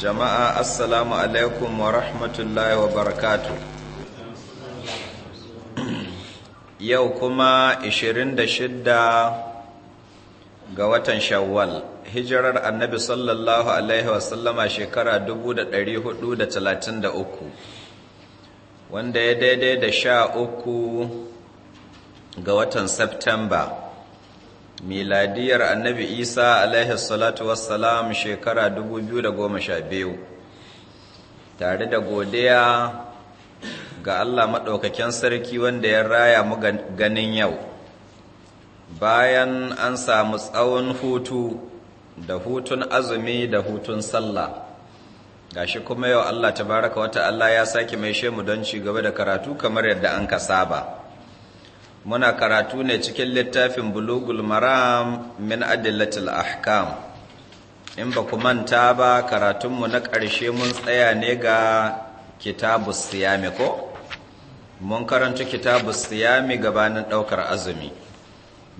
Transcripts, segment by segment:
jama'a assalamu alaikum wa rahmatullahi wa barakatu yau kuma 26 ga watan shawwal hijirar annabi sallallahu alaihi wasallama shekara 1433 wanda ya daidai da sha uku ga watan Septemba miladiyar annabi isa alaihi salatu wassalam shekara 2012 tare da godiya ga allah maɗaukakin sarki wanda ya raya mu ganin yau bayan an samu tsawon hutu da hutun azumi da hutun sallah gashi kuma yau allah tabaraka wata allah ya sake mai shemu don ci gaba da karatu kamar yadda an ka saba muna karatu ne cikin littafin bulugul maram min adillatul ahkam in ba ku manta ba karatunmu na ƙarshe mun tsaya ne ga kitabu siyami ko mun karanta kitabu siyami gabanin ɗaukar azumi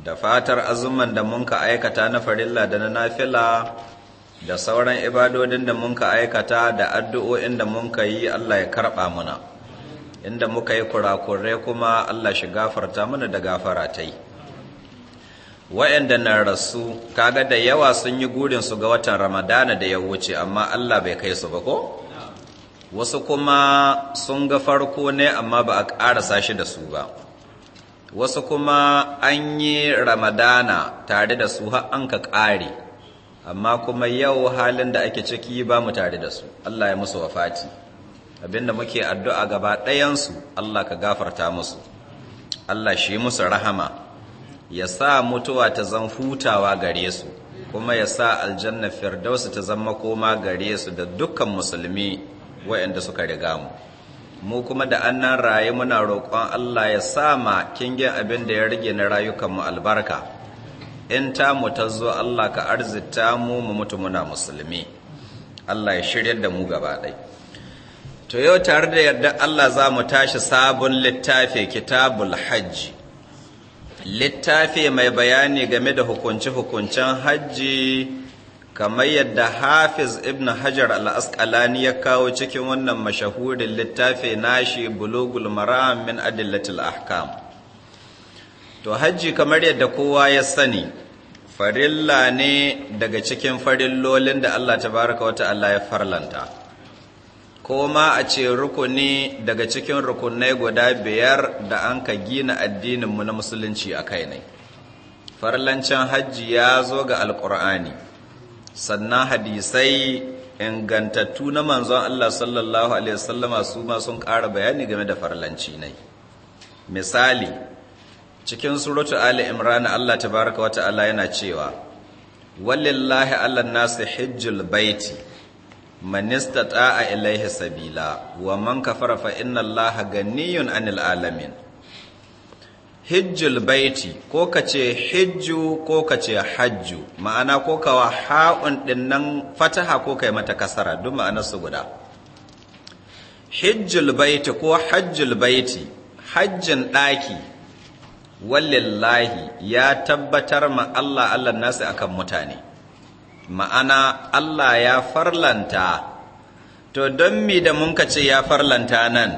da fatar azumin da mun ka aikata na farilla da na nafila da sauran ibadodin da mun ka aikata da addu'o'in da mun ka yi Allah ya karɓa muna inda muka yi kurakurai kuma Allah shi gafarta mana da gafara ta yi wa'yanda na rasu kaga da yawa sun yi gurinsu ga watan ramadana da ya wuce amma Allah bai kai su ba ko wasu kuma sun ga farko ne amma ba a ƙarasa shi da su ba wasu kuma an yi ramadana tare da su har an ka ƙare amma kuma yau halin da ake ciki ba mu tare da su Allah ya musu Fati. abinda muke addu'a gaba ɗayansu Allah ka gafarta musu Allah shi musu rahama ya sa mutuwa ta zan hutawa gare su kuma ya sa aljanna firdausu ta zama koma gare su da dukkan musulmi wayanda suka riga mu mu kuma da annan rayu muna roƙon Allah ya sa ma kingin abin da ya rage na rayukanmu albarka in ta mu ta zo Allah ka arzita mu mu mutu muna musulmi Allah ya shirya da mu gaba ɗai to yau tare da yadda Allah za mu tashi sabon littafi kitabul hajji littafi mai bayani game da hukunce-hukuncen hajji kamar yadda hafiz ibn hajar al ya kawo cikin wannan mashahurin littafi nashi bulugul maram min adillatil ahkam to hajji kamar yadda kowa ya sani farilla ne daga cikin farillolin da Allah tabaraka wata allah ya farlanta ko ma a ce rukuni daga cikin rukunai guda biyar da an ka gina addininmu na musulunci a kai ne farlancin hajji ya zo ga alkur'ani sannan hadisai ingantattu na manzon Allah sallallahu alaihi wasallama su ma sun ƙara bayani game da farlanci ne misali cikin suratu ali imran Allah ta tabaraka wata ta'ala yana cewa wallillahi Allah nasu hijjul baiti man a ilaihi sabila wa man kafara fa inna allaha ganiyun anil alamin hijjul baiti ko kace hijju ko kace hajju ma'ana ko kawa ha'un din nan fataha ko kai mata kasara duk ma'ana su guda hijjul baiti ko hajjul baiti hajjin daki wallahi ya tabbatar ma Allah Allah nasu akan mutane ma'ana Allah ya farlanta to don mi da mun ce ya farlanta nan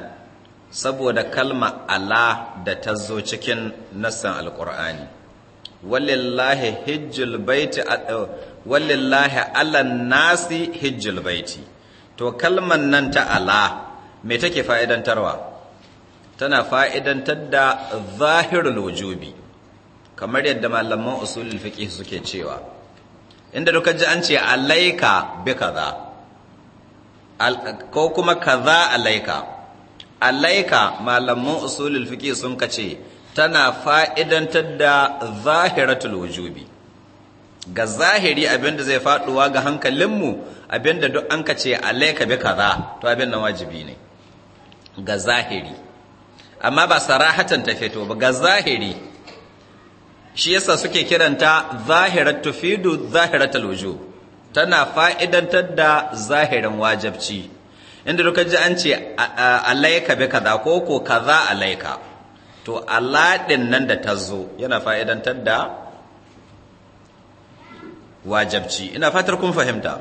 saboda kalma ala da ta zo cikin nassan alkur'ani wallillahi hijjul baiti uh, wallillahi allan nasi hijjul baiti to kalman nan ta ala me take fa'idantarwa tana fa'idantar da zahirul wujubi kamar yadda malaman usulul fiqh suke cewa inda duka ji an ce alaika bi kaza ko kuma kaza alaika alaika malaman usulul fiqh sun kace tana fa'idantar da zahiratul wujubi ga zahiri abinda zai faduwa ga hankalinmu abinda duk an kace alaika bi kaza to abin nan wajibi ne ga zahiri amma ba sarahatan ta fito ba ga zahiri shi yasa suke kiranta zahirat tufidu zahirar wujub tana fa'idantar da zahirin wajibci inda duka ji an ce alaika bi kaza ko ko kaza alaika to Allah din nan da ta zo yana fa'idantar da wajibci ina fatar kun fahimta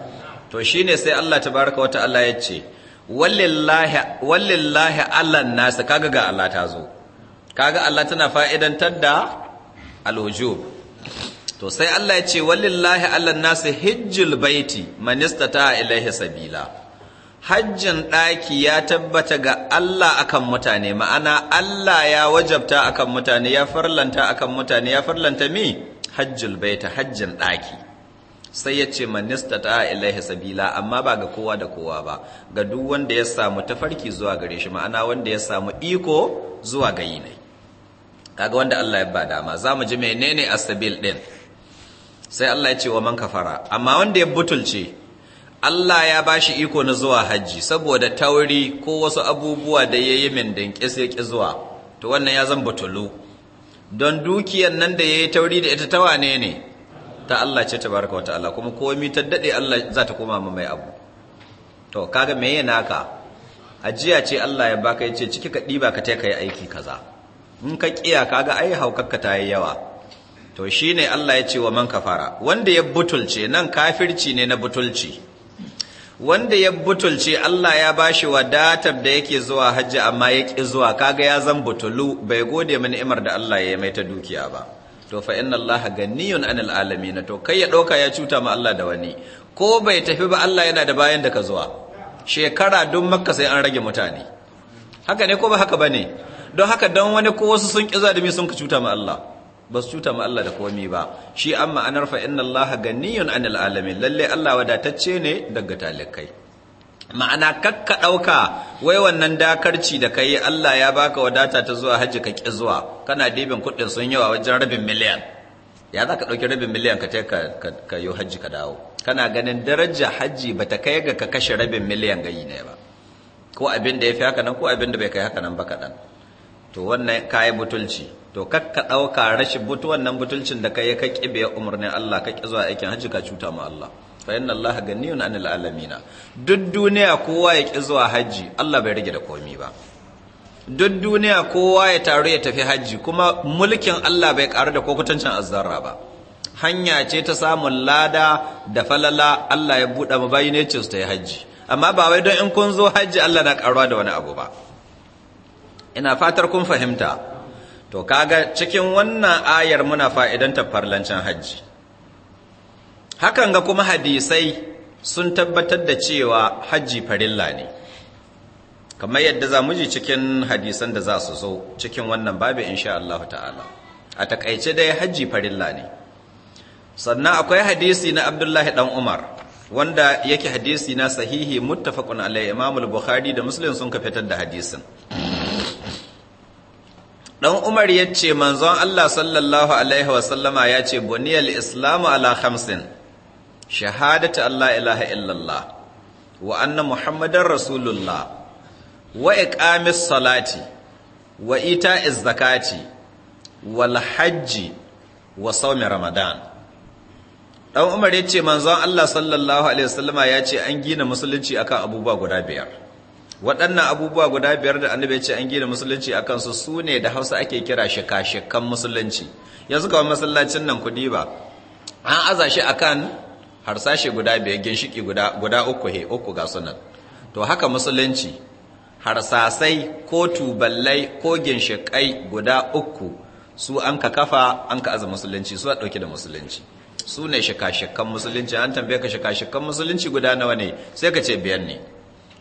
to shine sai Allah tabaraka wata Allah ya ce wallillahi wallillahi Allah nasu kaga ga Allah ta zo kaga Allah tana fa'idantar da alwujub to sai Allah ya ce walillahi Allah nasu hijjul baiti man istata ilaihi sabila hajjin ɗaki ya tabbata ga Allah akan mutane ma'ana Allah ya wajabta akan mutane ya farlanta akan mutane ya farlanta mi hajjul baita hajjin ɗaki sai ya ce istata ilaihi sabila amma ba ga kowa da kowa ba ga duk wanda ya samu tafarki zuwa gare shi ma'ana wanda ya samu iko zuwa ga kaga wanda Allah ya ba dama za mu ji menene asabil din sai Allah ya ce wa man kafara amma wanda ya butulce Allah ya bashi iko na zuwa hajji saboda tauri ko wasu abubuwa da yayi min dan kisa ki zuwa to wannan ya zan butulu don dukiyar nan da yayi tauri da ita tawa ne ne ta Allah ce tabaraka wa ta'ala kuma komai ta dade Allah za ta koma mai abu to kaga yana naka ajiya ce Allah ya baka yace ciki ka diba ka tai kai aiki kaza in ka kiya kaga ai haukakka ta yi yawa to shi ne Allah ya ce wa man kafara wanda ya butulce nan kafirci ne na butulci wanda ya butulce Allah ya bashi wadatar da yake zuwa hajji amma ya ki zuwa kaga ya zan butulu bai gode mini ni'imar da Allah ya mai ta dukiya ba to fa inna Allah ganiyun anil alamin to kai ya doka ya cuta ma Allah da wani ko bai tafi ba Allah yana da bayan da ka zuwa shekara don makka sai an rage mutane haka ne ko ba haka bane don haka don wani ko wasu sun da mi sun ka cuta ma Allah ba su cuta ma Allah da komai ba shi an ma'anar fa inna Allah ganiyun anil alamin lalle Allah wadatacce ne daga talikai ma'ana kakka ɗauka wai wannan dakarci da kai Allah ya baka wadata ta zuwa hajji ka ƙi zuwa kana dibin kuɗin sun yawa wajen rabin miliyan ya za ka ɗauki rabin miliyan ka ta ka yi hajji ka dawo kana ganin daraja hajji ba ta kai ga ka kashe rabin miliyan gayi ne ba ko abin da ya fi haka nan ko abin da bai kai haka nan ba kaɗan to wannan ka yi butulci to kakka ɗauka rashin butu wannan butulcin da kai ka kibiya umarnin Allah ka zuwa aikin hajji ka cuta ma Allah fa inna Allah ganiyun anil alamina duk duniya kowa ya ƙi zuwa hajji Allah bai rage da komi ba duk duniya kowa ya taru ya tafi hajji kuma mulkin Allah bai karu da kokutancin azzarra ba hanya ce ta samun lada da falala Allah ya buɗe mabayi ne ce su ta yi hajji amma ba wai don in kun zo hajji Allah na ƙaruwa da wani abu ba ina fatar kun fahimta to kaga cikin wannan ayar muna fa'idantar farlancin hajji hakan ga kuma hadisai sun tabbatar da cewa hajji farilla ne kamar yadda za mu ji cikin hadisan da za su zo cikin wannan babu insha Allah ta'ala a takaice dai hajji farilla ne sannan akwai hadisi na Abdullahi dan Umar wanda yake hadisi na sahihi muttafaqun alai bukhari da Muslim sun ka fitar da hadisin dan umar ya ce manzon Allah sallallahu alaihi wasallama ya ce buniyal islamu ala khamsin shahadatu Allah ilaha illallah wa anna muhammadar rasulullah wa iqamis salati wa ita'iz zakati wal hajji wa sawmi ramadan dan umar ya ce manzon Allah sallallahu alaihi wasallama ya ce an gina musulunci akan abubuwa guda biyar waɗannan abubuwa guda biyar da annabi ya ce an gina musulunci a kansu su ne da hausa ake kira shika-shikan musulunci yanzu kawai masallacin nan kuɗi ba an aza shi a kan harsashe guda biyar ginshiki guda uku he uku ga sunan to haka musulunci harsasai ko tuballai ko ginshikai guda uku su an ka kafa an ka aza musulunci su a ɗauki da musulunci su ne shika-shikan musulunci an tambaye ka shika-shikan musulunci guda nawa ne sai ka ce biyar ne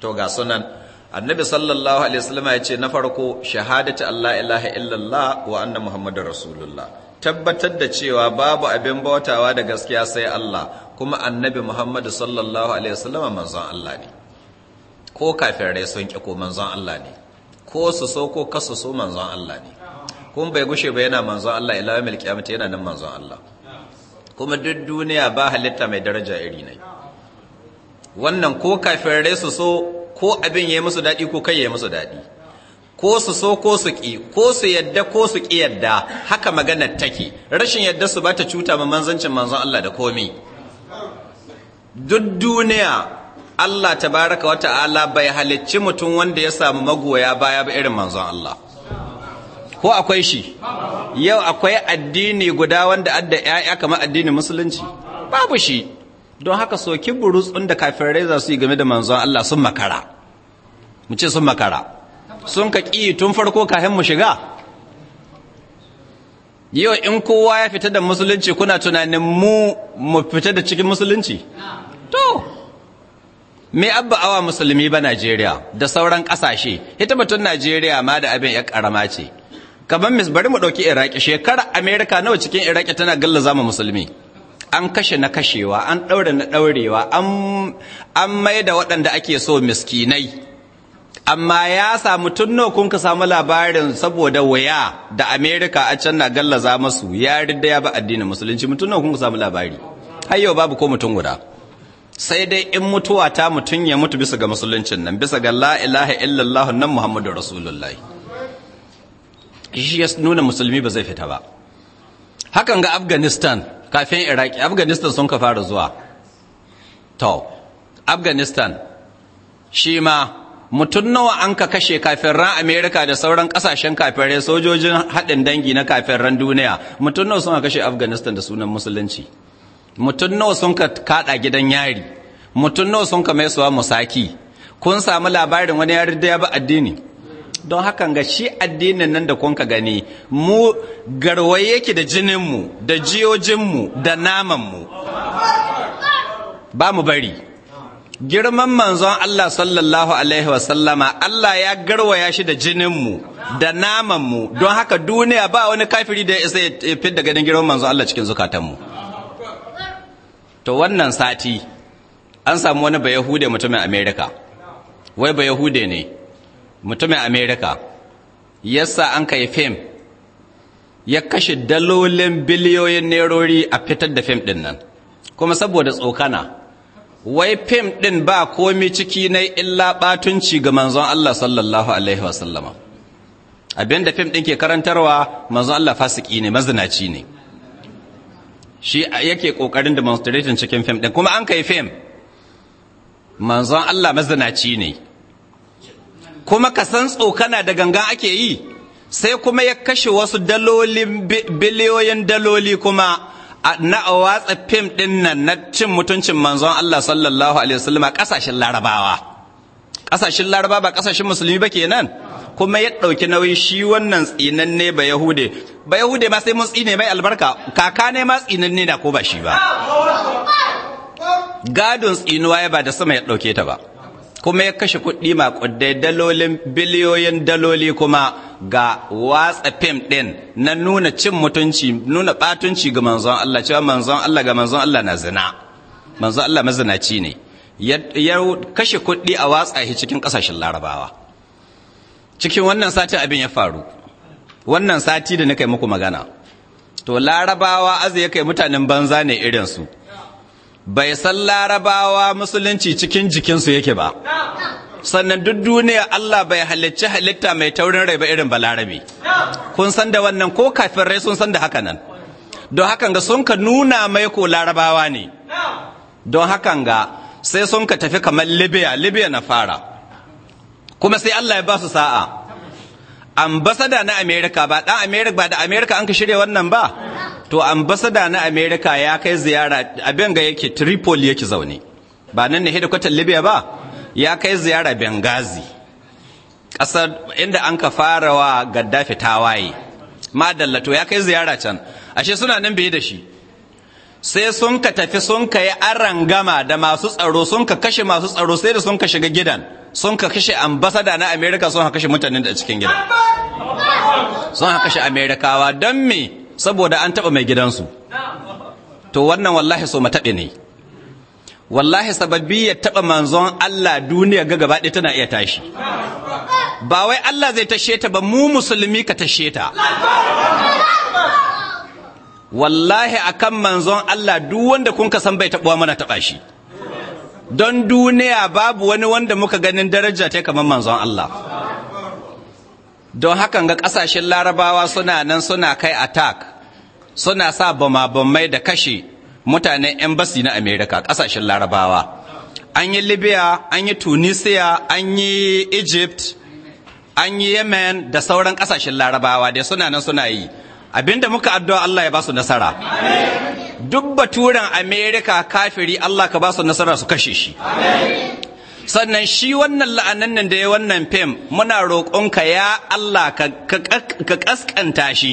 to ga sunan annabi sallallahu alaihi wasallam ya ce na farko shahadatu Allah ilaha illallah wa anna muhammadar rasulullah tabbatar da cewa babu abin bautawa da gaskiya sai Allah kuma annabi muhammadu sallallahu alaihi wasallam manzon Allah ne ko kafin rai sun ki ko manzon Allah ne ko su so ko kasu so manzon Allah ne kuma bai gushe ba yana manzon Allah ila yawmil qiyamati yana nan manzon Allah kuma duk duniya ba halitta mai daraja iri ne wannan ko kafin rai su so ko abin ya yi musu daɗi ko kai ya yi musu daɗi ko su so ko su ƙi ko su yadda ko su ƙi yadda haka maganar take rashin yadda su ba ta cuta ma manzancin manzon Allah da komi duk duniya Allah baraka wa ta'ala bai halicci mutum wanda ya samu magoya baya ba irin manzon Allah ko akwai shi yau akwai addini guda wanda adda ya'ya kamar addinin musulunci babu shi don haka soki burutsun da kafirai za su yi game da manzon Allah sun makara mu ce sun makara sun ka ƙi tun farko kahin mu shiga yau in kowa ya fita da musulunci kuna tunanin mu mu fita da cikin musulunci to me abba awa musulmi ba Najeriya da sauran ƙasashe ita batun Najeriya ma da abin ya ƙarama ce kamar mis bari mu ɗauki Iraki shekarar Amerika nawa cikin Iraki tana gallaza mu musulmi an kashe na kashewa an ɗaure na ɗaurewa an mai da waɗanda ake so miskinai amma ya samu tunno kun ka samu labarin saboda waya da amerika a can na gallaza masu ya da ya ba addinin musulunci mutum kun ka samu labari har yau babu ko mutum guda sai dai in mutuwa ta mutum ya mutu bisa ga musuluncin nan bisa ga la illallah nan muhammadu rasulullahi shi ya nuna musulmi ba zai fita ba hakan ga afghanistan kafin iraki afghanistan sun ka fara zuwa to afghanistan shi ma mutum nawa an ka kashe ran amerika da sauran kasashen kafirai sojojin haɗin dangi na ran duniya mutum nawa sun ka kashe afghanistan da sunan musulunci mutum nawa sun ka kaɗa gidan yari mutum nawa sun ka maisuwa musaki kun samu labarin wani yari da ya ba addini don hakan ga shi addinin nan da kun gani mu garwaye yake da jininmu da jiyojinmu da namanmu ba mu bari girman manzon Allah sallallahu alaihi wasallama Allah ya garwaya shi da jininmu da namanmu don haka duniya ba wani kafiri da isa ya fi da ganin girman manzon Allah cikin zukatanmu to wannan sati an samu wani bayahude mutumin Amerika wai bayahude ne mutumin amerika yasa an kai fim ya kashe dalolin biliyoyin nerori a fitar da fim din nan kuma saboda tsokana wai fim din ba komi ciki na illa batunci ga manzon Allah sallallahu alaihi wasallama abinda fim din ke karantarwa manzon Allah fasiki ne mazinaci ne shi yake kokarin demonstrating cikin fim ɗin kuma an kai fim manzon Allah mazinaci ne kuma ka san tsokana da ganga ake yi sai kuma ya kashe wasu dalolin biliyoyin daloli kuma na a watsa fim din nan na cin mutuncin manzon Allah sallallahu alaihi wasallam a ƙasashen larabawa ƙasashen laraba ba ƙasashen musulmi ba kenan kuma ya ɗauki nauyin shi wannan tsinanne ba yahude ba yahude ma sai mun tsine mai albarka kaka ne ma tsinanne na ko ba shi ba gadon tsinuwa ya ba da sama ya ɗauke ta ba kuma ya kashe kuɗi maƙudai dalolin biliyoyin daloli kuma ga watsa fim ɗin na nuna cin mutunci nuna ɓatunci ga manzon Allah cewa manzon Allah ga manzon Allah na zina manzon Allah mazinaci ne ya kashe kuɗi a watsa shi cikin ƙasashen larabawa cikin wannan satin abin ya faru wannan sati da na kai muku magana to larabawa azu ya kai mutanen banza ne irinsu bai san larabawa musulunci cikin jikinsu yake ba sannan duk duniya Allah bai halicci halitta mai taurin rai ba irin balarabi kun san da wannan ko kafin rai sun san da haka nan don hakan ga sun ka nuna mai ko larabawa ne don hakan ga sai sun ka tafi kamar libya libya na fara kuma sai Allah ya ba su sa'a ambasada na america ba dan america ba da Amerika an ka shirya wannan ba to ambasada na america ya kai ziyara a benga yake tripoli yake zaune ba nan ne hedikwatar libya ba ya kai ziyara benghazi ƙasar inda an ka fara wa gaddafi tawaye madalla to ya kai ziyara can ashe suna nan biye da shi sai sun ka tafi sun ka yi arangama da masu tsaro sun ka kashe masu tsaro sai da sun ka shiga gidan sun ka kashe ambasada na america sun ka kashe mutanen da cikin gidan sun ka kashe amerikawa don me saboda an taba mai gidansu to wannan wallahi so mataɓe ne wallahi sababbi ya taba manzon Allah duniya ga gaba ɗaya tana iya tashi ba wai Allah zai tashe ta ba mu musulmi ka tashe ta wallahi akan manzon Allah duk wanda kun ka san bai taɓuwa mana taɓa shi don duniya babu wani wanda muka ganin daraja ta kamar manzon Allah don hakan ga kasashen larabawa suna nan suna kai attack suna sa bama-bamai da kashe mutanen embassy na america kasashen larabawa an yi libya an yi tunisia an yi egypt an yi yemen da sauran kasashen larabawa da suna nan suna yi abinda muka addu'a Allah ya ba su nasara duk baturen america kafiri Allah ka ba su nasara su kashe shi sannan shi wannan la'anan nan da ya wannan fim muna roƙonka ya Allah ka ƙasƙanta shi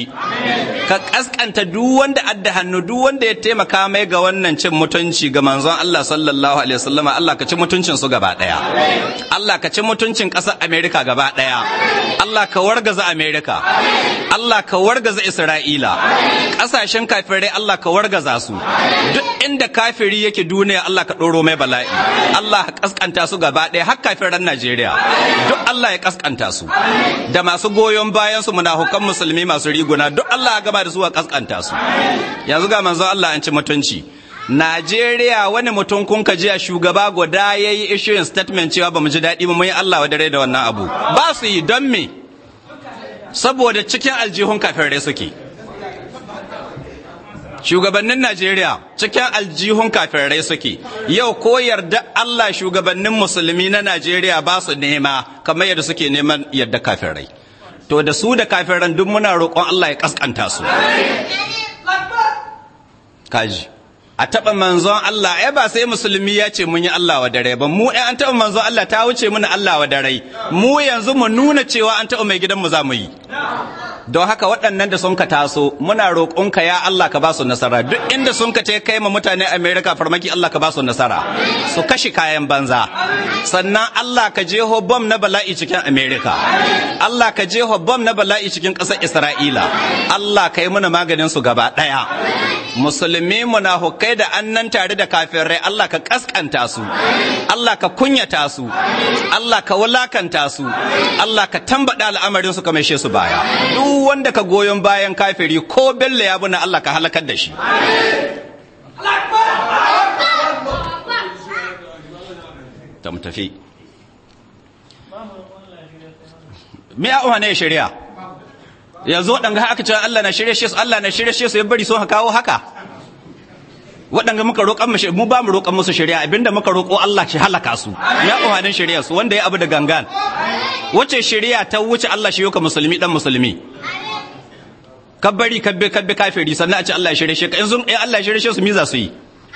ka ƙasƙanta duk wanda adda hannu duk wanda ya taimaka mai ga wannan cin mutunci ga manzon Allah sallallahu alaihi wasallama Allah ka ci mutuncin su gaba ɗaya. Allah ka ci mutuncin ƙasar America gaba ɗaya. Allah ka wargaza America Allah ka wargaza Isra'ila ƙasashen kafirai Allah ka wargaza su duk inda kafiri yake duniya Allah ka ɗoro mai bala'i Allah ka ƙasƙanta su gaba ɗaya har ran Najeriya duk Allah ya kaskanta su da masu goyon bayan su munafukan musulmi masu riguna duk Allah ya gaba da su a kaskanta su yanzu ga manzo Allah an ci mutunci Najeriya wani mutum kun ka jiya shugaba guda ya yi issuing statement cewa ba mu ji daɗi ba mu yi Allah wa dare da wannan abu ba su yi don me saboda cikin aljihun kafin rai suke shugabannin Najeriya cikin aljihun kafirai suke yau ko yarda Allah shugabannin musulmi na Najeriya ba su nema kamar yadda suke neman yarda kafirai to da su da kafiran duk muna roƙon Allah ya kaskanta su kaji a taɓa manzon Allah ai ba sai musulmi ya ce mun yi Allah wa dare ba mu ai an taɓa manzon Allah ta wuce muna Allah wa dare mu yanzu mu nuna cewa an taɓa mai gidan mu za mu yi don haka waɗannan da sun ka taso muna roƙonka ya Allah ka ba su nasara duk inda sun ka kai ma mutane America farmaki Allah ka ba su nasara su kashe kayan banza sannan Allah ka jeho bom na bala'i cikin America Allah ka jeho bom na bala'i cikin ƙasar Isra'ila Allah ka yi mana maganin su gaba ɗaya musulmi munafukai kai da annan tare da kafirai Allah ka kaskanta su Allah ka kunyata su Allah ka wulakanta su Allah ka tambada al'amarin su ka maishe su baya duk wanda ka goyon bayan kafiri ko bello ya buna Allah ka halakar da shi tamtafi me ya uwa ne shari'a yanzu waɗanda aka cewa Allah na shirye shi su Allah na shirye shi su ya bari so kawo haka waɗanda muka roƙon mu mu ba mu roƙon musu shari'a abinda muka roƙo Allah shi halaka su ya uhanin shari'a su wanda ya abu da gangan wace shari'a ta wuce Allah shi yoka musulmi dan musulmi kabbari kabbe kabbe kafiri sannan a ce Allah ya shirye shi in sun eh Allah ya shirye shi su mi za su yi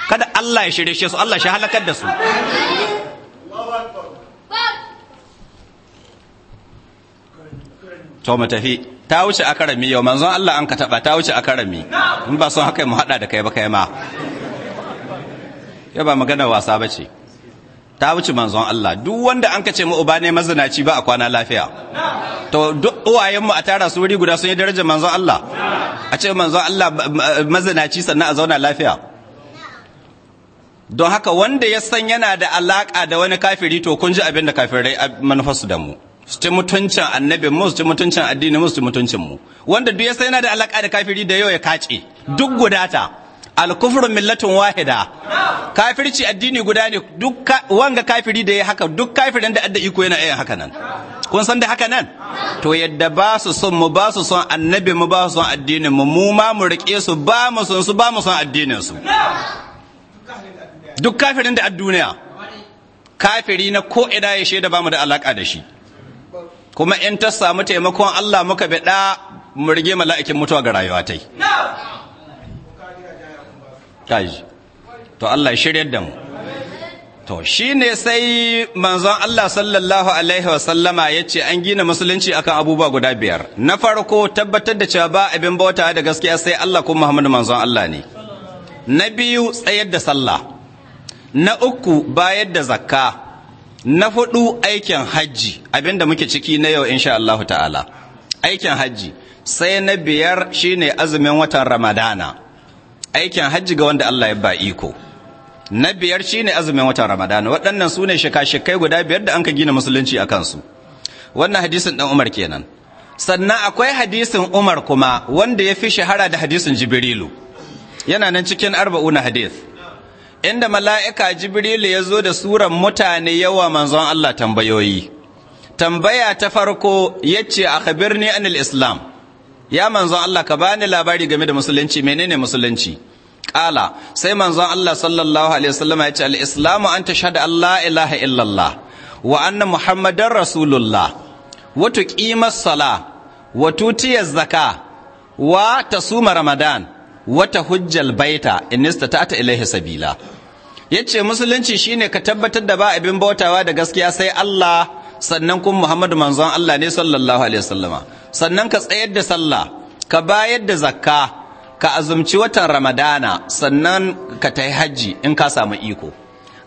kada Allah ya shirye shi su Allah shi halakar da su to mu tafi ta wuce akarami yau manzon Allah an ka taba ta wuce akarami in ba son haka mu hada da kai ba kai ma ya ba magana wasa ba ce ta wuce manzon Allah duk wanda an ka ce mu uba ne mazinaci ba a kwana lafiya to duk uwayen a tara su wuri guda sun yi darajar manzon Allah a ce manzon Allah mazinaci sannan a zauna lafiya don haka wanda ya san yana da alaka da wani kafiri to kun ji abin da kafirai manufarsu da mu su ci mutuncin annabi mu su ci mutuncin addini mu su ci mutuncin mu wanda duk ya san yana da alaka da kafiri da yau ya kace duk gudata alkufru millatun wahida kafirci addini guda ne duk wanga kafiri da ya haka duk kafirin da adda iko yana yin haka nan kun san da haka nan to yadda ba su son mu ba su son annabi mu ba su son addinin mu mu ma mu rike su ba mu son su ba mu son addinin su duk kafirin da duniya kafiri na ko ina ya shaida ba mu da alaka da shi kuma in ta samu taimakon Allah muka bada mu rige mala'ikin mutuwa ga rayuwa tai to Allah shiryar da mu to shi ne sai manzon Allah sallallahu alaihi wasallama ce an gina musulunci akan abubuwa guda biyar na farko tabbatar da cewa ba abin bauta da gaskiya sai Allah ko Muhammadu manzon Allah ne na biyu tsayar da sallah na uku bayar da zakka na hudu aikin hajji abinda muke ciki na yau insha Allah ta'ala aikin hajji sai na biyar shine azumin watan Ramadana aikin hajji ga wanda Allah ya ba iko na biyar shine azumin watan ramadana. waɗannan su ne shika guda biyar da an ka gina musulunci a kansu wannan hadisin ɗan Umar kenan sannan akwai hadisin Umar kuma wanda ya fi shahara da hadisin Jibrilu yana nan cikin arba'una hadis inda mala'ika Jibrilu ya zo da suran mutane yawa manzon Allah tambayoyi tambaya ta farko yace khabirni anil islam ya manzon Allah ka bani labari game da musulunci menene musulunci kala sai manzon Allah sallallahu alaihi wasallam ya ce al-islamu an tashhadu an la ilaha illallah wa anna muhammadar rasulullah wa tuqimas sala wa tutiyaz zaka wa tasuma ramadan Wata tahujjal baita in istata'ta ilaihi sabila yace musulunci shine ka tabbatar da ba abin bautawa da gaskiya sai Allah sannan kuma Muhammadu manzon Allah ne sallallahu alaihi wasallama sannan ka tsayar da sallah ka bayar da zakka ka azumci watan ramadana sannan ka yi hajji in ka samu iko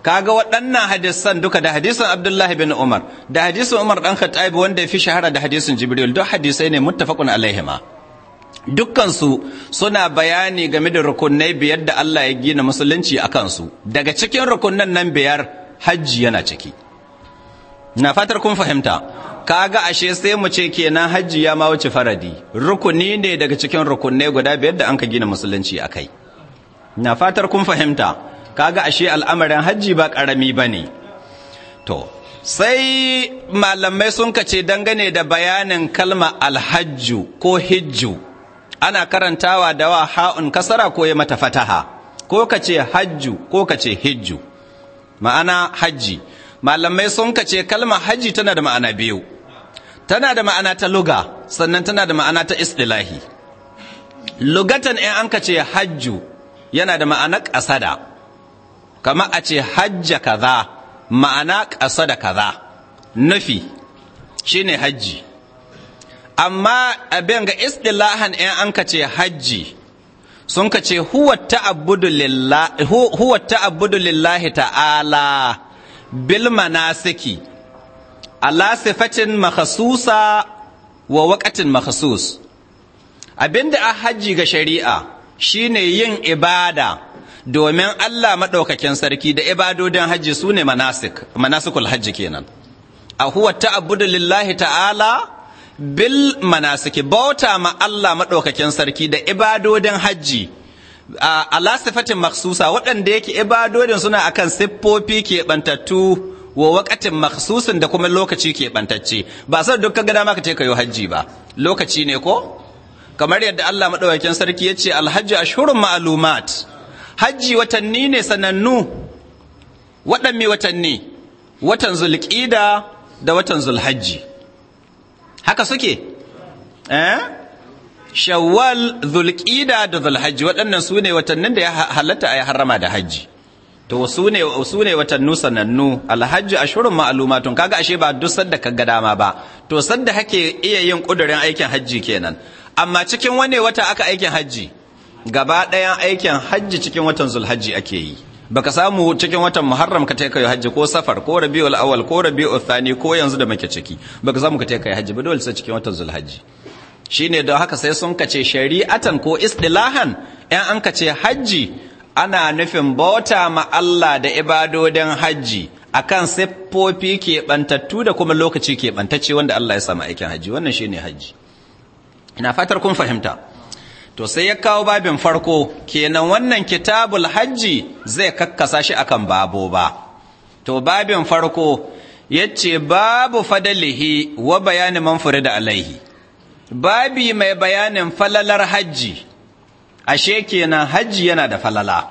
kaga waɗannan hadisan duka da hadisan abdullahi bin umar da hadisan umar dan khattab wanda ya fi shahara da hadisan jibril duk hadisai ne muttafaqun alaihima dukkansu suna bayani game da rukunai biyar da Allah ya gina musulunci a kansu daga cikin rukunan nan biyar hajji yana ciki na fatar kun fahimta kaga ashe sai mu ce kenan hajji ya ma wuce faradi rukuni ne daga cikin rukunai guda biyar da an ka gina musulunci a kai. na fatar kun fahimta kaga ashe al'amarin hajji ba karami ne. to sai malamai sun kace dangane da bayanin kalma alhajju ko hijju ana karantawa da wa ha'un kasara ko ya mata fataha ko kace hajju ko kace hijju ma'ana hajji malamai sun kace kalma hajji tana da ma'ana biyu tana da ma'ana ta luga sannan tana da ma'ana ta istilahi lugatan in an ka ce hajju yana da ma'ana ƙasada kama a ce hajja kaza ma'ana ƙasada kaza nufi shine hajji amma abin ga istilahan in an ka ce hajji sun ka ce huwa ta'abudu lillahi ta'ala bil manasiki Allah sifatin makhasusa wa waqatin makhasus abinda a hajji ga shari'a shine yin ibada domin Allah madaukakin sarki da ibadodin hajji sune manasik manasikul hajji kenan a huwa ta'abbudu lillahi ta'ala bil manasiki bauta ma Allah madaukakin sarki da ibadodin hajji a sifatin makhsusa waɗanda yake ibadodin suna akan siffofi keɓantattu wa waƙatin makhsusin da kuma lokaci ke ɓantacce ba sai duk kaga dama ka yi kayo hajji ba lokaci ne ko kamar yadda Allah madaukakin sarki ya yace alhajju ashhurun ma'lumat hajji watanni ne sanannu waɗanne watanni watan zulqida da watan zulhajji haka suke eh shawwal zulqida da zulhajji waɗannan su ne watannin da ya halatta a harrama da hajji to su ne su ne watannu sanannu alhajju ashurun ma'lumatun kaga ashe ba duk sadda ga dama ba to sadda hake iya yin kudurin aikin hajji kenan amma cikin wane wata aka aikin hajji gaba daya aikin hajji cikin watan zulhajji ake yi baka samu cikin watan muharram ka taika hajji ko safar ko rabiul awal ko rabiul thani ko yanzu da muke ciki baka samu ka taika hajji ba dole sai cikin watan zulhajji shine don haka sai sun kace shari'atan ko istilahan ɗan an kace hajji ana nufin bauta ma Allah da ibadodin hajji akan siffofi keɓantattu da kuma lokaci keɓantacce wanda Allah ya samu aikin hajji wannan shi ne hajji ina fatar kun fahimta to sai ya kawo babin farko kenan wannan kitabul hajji zai kakkasa shi akan babo ba to babin farko ya ce babu fadalihi wa bayani man da alaihi babi mai bayanin falalar hajji ashe kenan hajji yana da falala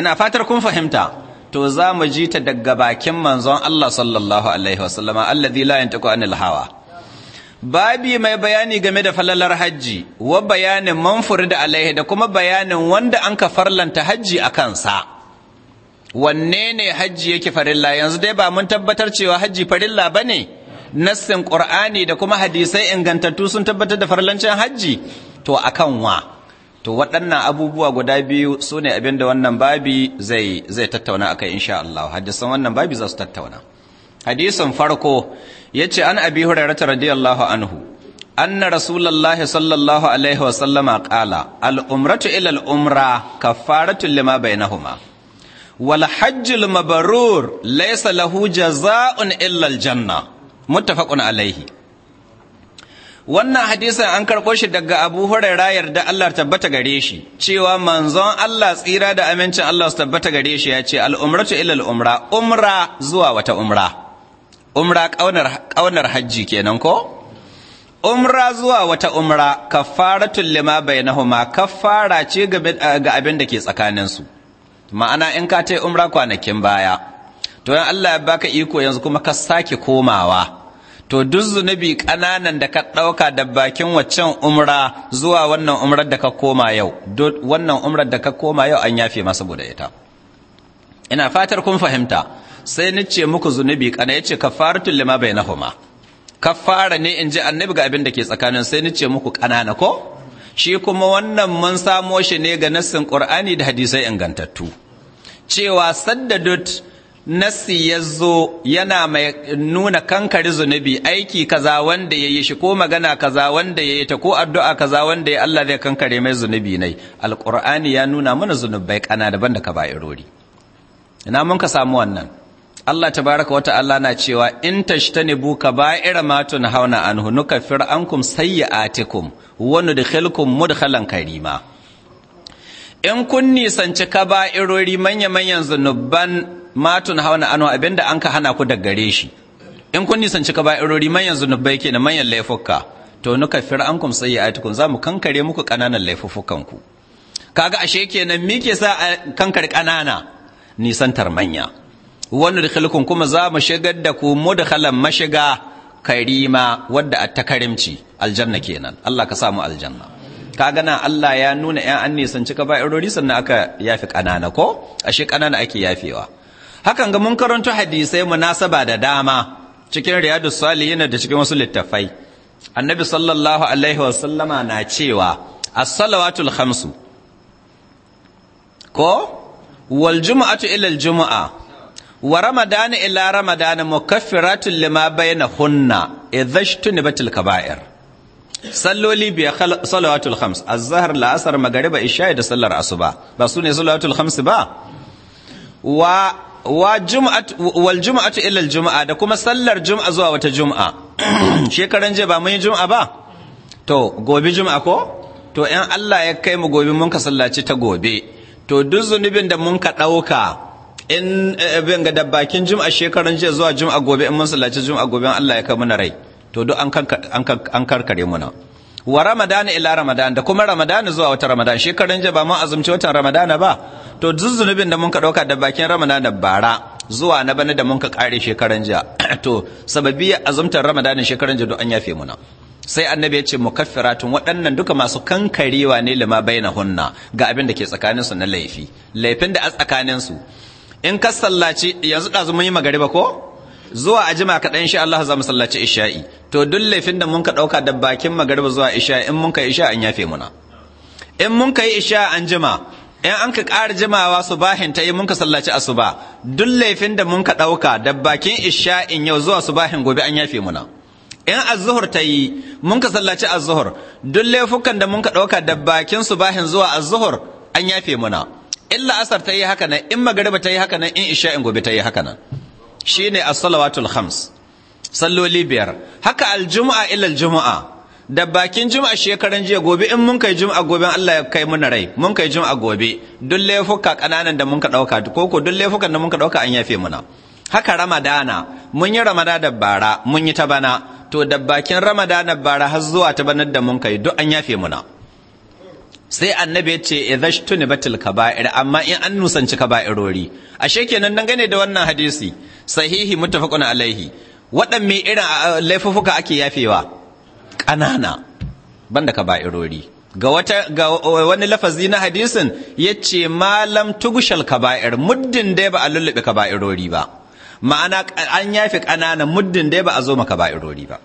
ina fatar kun fahimta to za mu ji ta daga bakin manzon Allah sallallahu alaihi wasallama alladhi la yantaku anil hawa babi mai bayani game da falalar hajji wa bayanin manfuri da alaihi da kuma bayanin wanda an ka farlanta hajji a kansa wanne ne hajji yake farilla yanzu dai ba mun tabbatar cewa hajji farilla bane nassin qur'ani da kuma hadisai ingantattu sun tabbatar da farlancin hajji to akan wa to waɗannan abubuwa guda biyu su ne abin da wannan babi zai zai tattauna akai insha Allah hadisan wannan babi za su tattauna Hadisan farko yace an abi hurairah radiyallahu anhu anna rasulullahi sallallahu alaihi wa sallama qala al umratu ila al umra kaffaratu lima bainahuma wal hajjul mabrur laysa lahu jazaa'un illa al janna muttafaqun alaihi wannan hadisin an karɓo shi daga abu huraira yarda Allah tabbata gare shi cewa manzon Allah tsira da amincin Allah su tabbata gare shi ya ce al'umratu ila al'umra umra zuwa wata umra umra ƙaunar hajji kenan ko umra zuwa wata umra kaffaratul lima bainahuma kafara ce ga abin da ke tsakaninsu ma'ana in ka tai umra kwanakin baya to Allah ya baka iko yanzu kuma ka sake komawa to duk zunubi ƙananan da ka ɗauka da bakin waccan umra zuwa wannan umrar da ka koma yau wannan umrar da ka koma yau an yafe masa saboda ita ina fatar kun fahimta sai ni ce muku zunubi kana yace kafaratun lima bainahuma kafara ne in ji annabi ga abin da ke tsakanin sai ni ce muku ƙanana ko shi kuma wannan mun samo shi ne ga nassin qur'ani da hadisai ingantattu cewa saddadut Nasi ya zo yana mai nuna kankari zunubi aiki kaza wanda ya yi shi ko magana kaza wanda ya yi ta ko addu'a kaza wanda ya Allah zai kankare mai zunubi ne alqur'ani ya nuna mana zunubai kana daban da kaba'irori ina mun ka samu wannan Allah tabaraka wa ta'ala na cewa in tashtanibu kaba'ira ma tunhauna anhu nukaffir ankum sayyi'atikum wa nudkhilkum mudkhalan karima in kun nisanci irori manya-manyan zunuban matun na ano abinda an ka hana ku daga gare shi in kun nisanci man yanzu manyan zunubai kenan manyan laifuka to nuka fira an kum sai ayatukum za mu kankare muku kananan laifufukan ku kaga ashe kenan me ke sa kankare kanana nisantar manya wannan dukhalkun kuma za mu shigar da ku mudkhalan mashiga karima wadda a takarimci aljanna kenan Allah ka samu aljanna kaga nan Allah ya nuna 'yan an cika ba irori sannan aka yafi kanana ko ashe kanana ake yafewa hakan ga mun karanto hadisai munasaba da dama cikin riyadus salihin da cikin wasu littafai annabi sallallahu alaihi wasallama na cewa as-salawatul khamsu ko wal jumu'atu ila al jumu'a wa ramadan ila ramadan mukaffiratun lima bainahunna idhashtunibatil kaba'ir salloli biya salawatul khams az-zahr la'asar magariba isha'i da sallar asuba ba su ne salawatul khams ba wa wal jum'atu ila al jum'a da kuma sallar jum'a zuwa wata jum'a shekaran je ba mun yi jum'a ba to gobe jum'a ko to in Allah ya kai mu gobe mun ka sallaci ta gobe to duk zunubin da mun ka dauka in eh, bin ga dabbakin jum'a shekaran je zuwa jum'a gobe in mun sallaci jum'a gobe Allah ya kai mu na rai to duk an karkare mu na wa ramadana ila ramadan da kuma ramadana zuwa wata ramadan shekaran ba mun azumci watan ramadana ba to zunubin da mun ka dauka da bakin ramadana bara zuwa na bana da mun ka kare shekaran ja to sababi azumtar ramadana shekaran ja do an yafe muna sai annabi ya ce mukaffiratun waɗannan duka masu kankarewa ne lima baina hunna ga abin da ke tsakaninsu na laifi laifin da a tsakaninsu in ka sallaci yanzu ɗazu mun yi magariba ko zuwa a jima kaɗan insha Allah za mu sallaci isha'i to duk laifin da mun ka ɗauka da bakin magariba zuwa isha in mun ka isha an yafe muna in mun ka yi isha an jima in an ka ƙara jimawa su bahin ta yi mun ka sallaci asuba duk laifin da mun ka ɗauka da bakin isha in yau zuwa su bahin gobe an yafe muna in azuhur ta yi mun ka sallaci azuhur duk laifukan da mun ka ɗauka da bakin su bahin zuwa azuhur an yafe muna In la'asar ta yi haka nan in magariba ta yi haka nan in isha in gobe ta yi haka nan shine as-salawatul khams salloli biyar haka aljuma'a ilal juma'a da bakin juma'a shekaran jiya gobe in mun kai juma'a gobe Allah ya kai muna rai mun kai juma'a gobe duk laifuka kananan da mun ka dauka ko ko duk laifukan da mun ka dauka an yafe muna haka ramadana mun yi ramadana da bara mun yi ta bana to da bakin ramadana bara har zuwa ta banar da mun kai duk an yafe muna sai annabi ya ce idhashtuni batil kaba'ir amma in an nusanci kaba'irori ashe kenan dangane da wannan hadisi sahihi muttafaqun alaihi waɗanne irin laifuka ake yafewa ƙanana ban da ka ba irori. ga wani lafazi na hadisin ya ce malam tugushal kaba'ir muddin dai ba a lullube ka ba irori ba. ma'ana an yafe ƙanana muddin dai ba a zo maka irori ba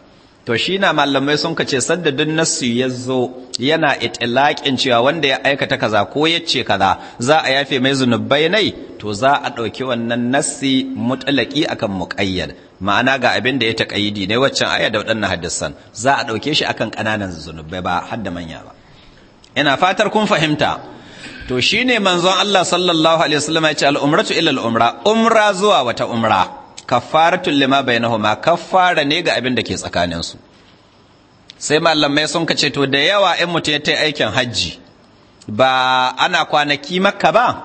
to shi na malamai sun kace sadadin nassu ya zo yana itilaƙin cewa wanda ya aikata kaza ko ya ce kaza za a yafe mai zunubai nai to za a ɗauki wannan nassi mutalaki akan muƙayyad ma'ana ga abin da ya taƙayyidi ne waccan aya da waɗannan hadisan za a ɗauke shi akan ƙananan zunubai ba har da manya ba ina fatar kun fahimta to shi shine manzon Allah sallallahu alaihi wasallam ya ce al'umratu ilal umra umra zuwa wata umra kafaratul lima bainahuma kafara ne ga abin da ke tsakanin su sai malamai sun kace to da yawa in mutum ya ta aikin hajji ba ana kwanaki makka ba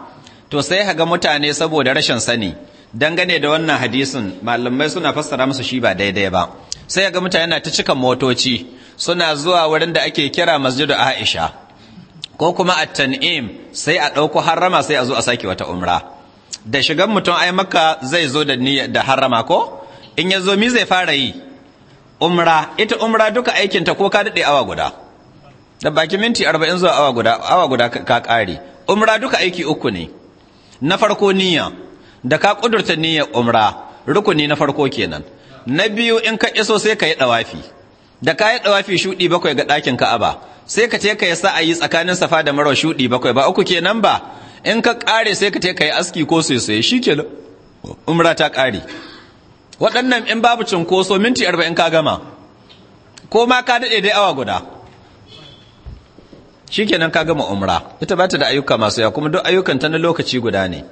to sai ga mutane saboda rashin sani dangane da wannan hadisin malamai suna fassara musu shi ba daidai ba sai ga mutane na ta cika motoci suna zuwa wurin da ake kira masjidu aisha ko kuma at-tan'im sai a ɗauko harrama sai a zo a sake wata umra da shigan mutum ai maka zai zo da niyya da harama ko in ya zo mi zai fara yi umra ita umra duka aikinta ko ka daɗe awa guda da baki minti arba'in zuwa awa guda awa guda ka kare. umra duka aiki uku ne na farko niyya da ka ƙudurta niyya umra rukuni na farko kenan na biyu in ka iso sai ka yi ɗawafi da ka yi ɗawafi shuɗi bakwai ga ɗakin Aba, sai ka ce ka yi ayi tsakanin safa da marwa shuɗi bakwai ba uku kenan ba in ka kare sai ka ka yi aski ko sai shi ke umra ta ƙare waɗannan in babu cinkoso minti in ka gama ko ma ka daɗe dai awa guda shi kenan ka gama umra ita ba ta da ayyuka masu ya. kuma duk ayyukan ta na lokaci guda ne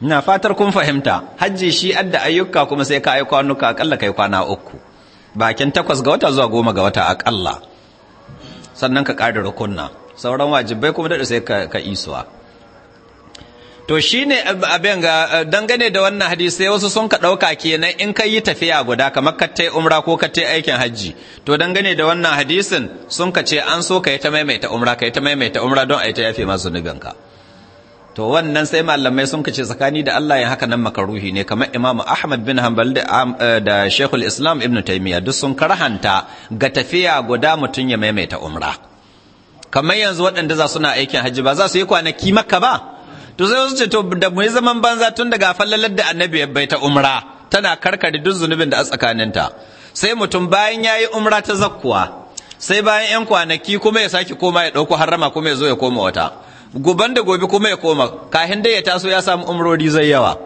na fatar kun fahimta hajji shi adda ayyuka kuma sai ka yi kwanuka akalla kai kwana uku bakin takwas ga wata zuwa goma ga wata akalla sannan ka ƙari rukunna sauran wajibai kuma daɗa sai ka isuwa to shi ne abin ga eh, dangane da wannan hadisai wasu sun ka ɗauka kenan in ka yi tafiya guda kamar ka tai umra ko ka tai aikin hajji to dangane da wannan hadisin sun ka ce an so ka yi ta maimaita umra ka yi ta maimaita umra don a yi ta yafe masu nubinka. to wannan sai malamai sun ka ce tsakani da Allah yin haka nan makaruhi ne kamar Imam Ahmad bin Hanbal da eh, Shekul Islam Ibn Taymiyyah duk sun karhanta ga tafiya guda mutum ya maimaita umra kamar yanzu waɗanda za suna aikin hajji ba za su yi kwanaki maka ba to sai wasu ce to da mu yi zaman banza tun daga fallalar da annabi ya bai ta umra tana karkare duk zunubin da a tsakaninta sai mutum bayan ya yi umra ta zakkuwa sai bayan yan kwanaki kuma ya sake koma ya ɗauko harama kuma ya zo ya koma wata goban da gobe kuma ya koma kahin dai ya taso ya samu umrori zai yawa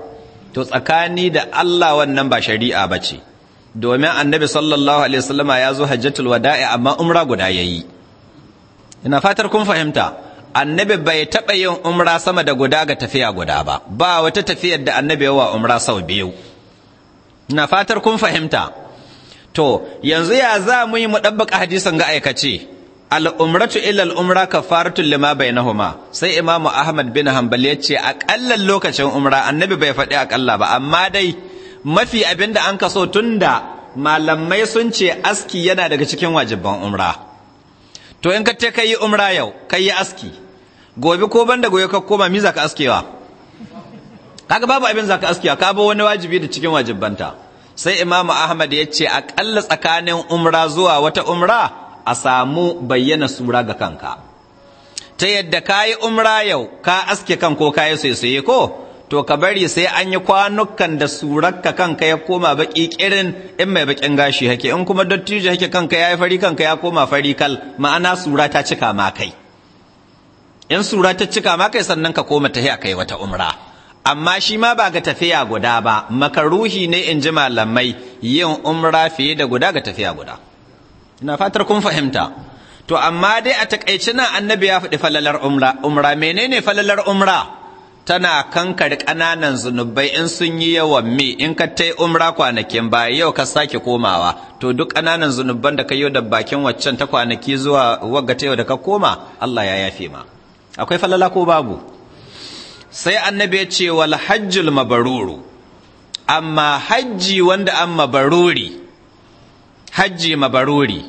to tsakani da Allah wannan ba shari'a ba ce domin annabi sallallahu alaihi wasallama ya zo hajjatul wada'i amma umra guda yayi ina fatar kun fahimta annabi bai taɓa yin umra sama da guda ga tafiya guda ba ba wata tafiyar da annabi yawa umra sau biyu na fatar kun fahimta to yanzu ya za mu yi mu ɗabbaka hadisin ga aikace al'umratu ila al'umra kafaratun lima bai ma. sai imamu ahmad bin hambali ya ce aƙalla lokacin umra annabi bai faɗi aƙalla ba amma dai mafi abin da an kaso tunda malamai sun ce aski yana daga cikin wajibban umra to in ka ce kai yi umra yau kai yi aski gobe ko banda gobe ka koma mi za ka askewa kaga babu abin za ka askewa ka ba wani wajibi da cikin wajibanta sai imamu ahmad ya ce aƙalla tsakanin umra zuwa wata umra a samu bayyana sura ga kanka ta yadda ka yi umra yau ka aske kan ko ka yi soyayye ko to ka bari sai an yi kwanukan da surakka kanka ya koma baki kirin in mai bakin gashi hake in kuma dattijo hake kanka ya yi fari kanka ya koma fari kal ma'ana sura ta cika ma kai in sura ta cika ma kai sannan ka koma tafiya kai wata umra amma shi ma ba ga tafiya guda ba makaruhi ne in ji malamai yin umra fiye da guda ga tafiya guda ina fatar kun fahimta to amma dai a takaice nan annabi ya faɗi falalar umra umra menene falalar umra tana kankar ƙananan zunubai in sun yi yawan me in ka yi umra kwanakin ba yau ka sake komawa to duk ƙananan zunuban da ka yi da bakin waccan ta kwanaki zuwa wagga ta yau da ka koma Allah ya yafe ma akwai falala ko babu sai annabi ya ce wal hajjul mabaruru amma hajji wanda an mabaruri hajji mabaruri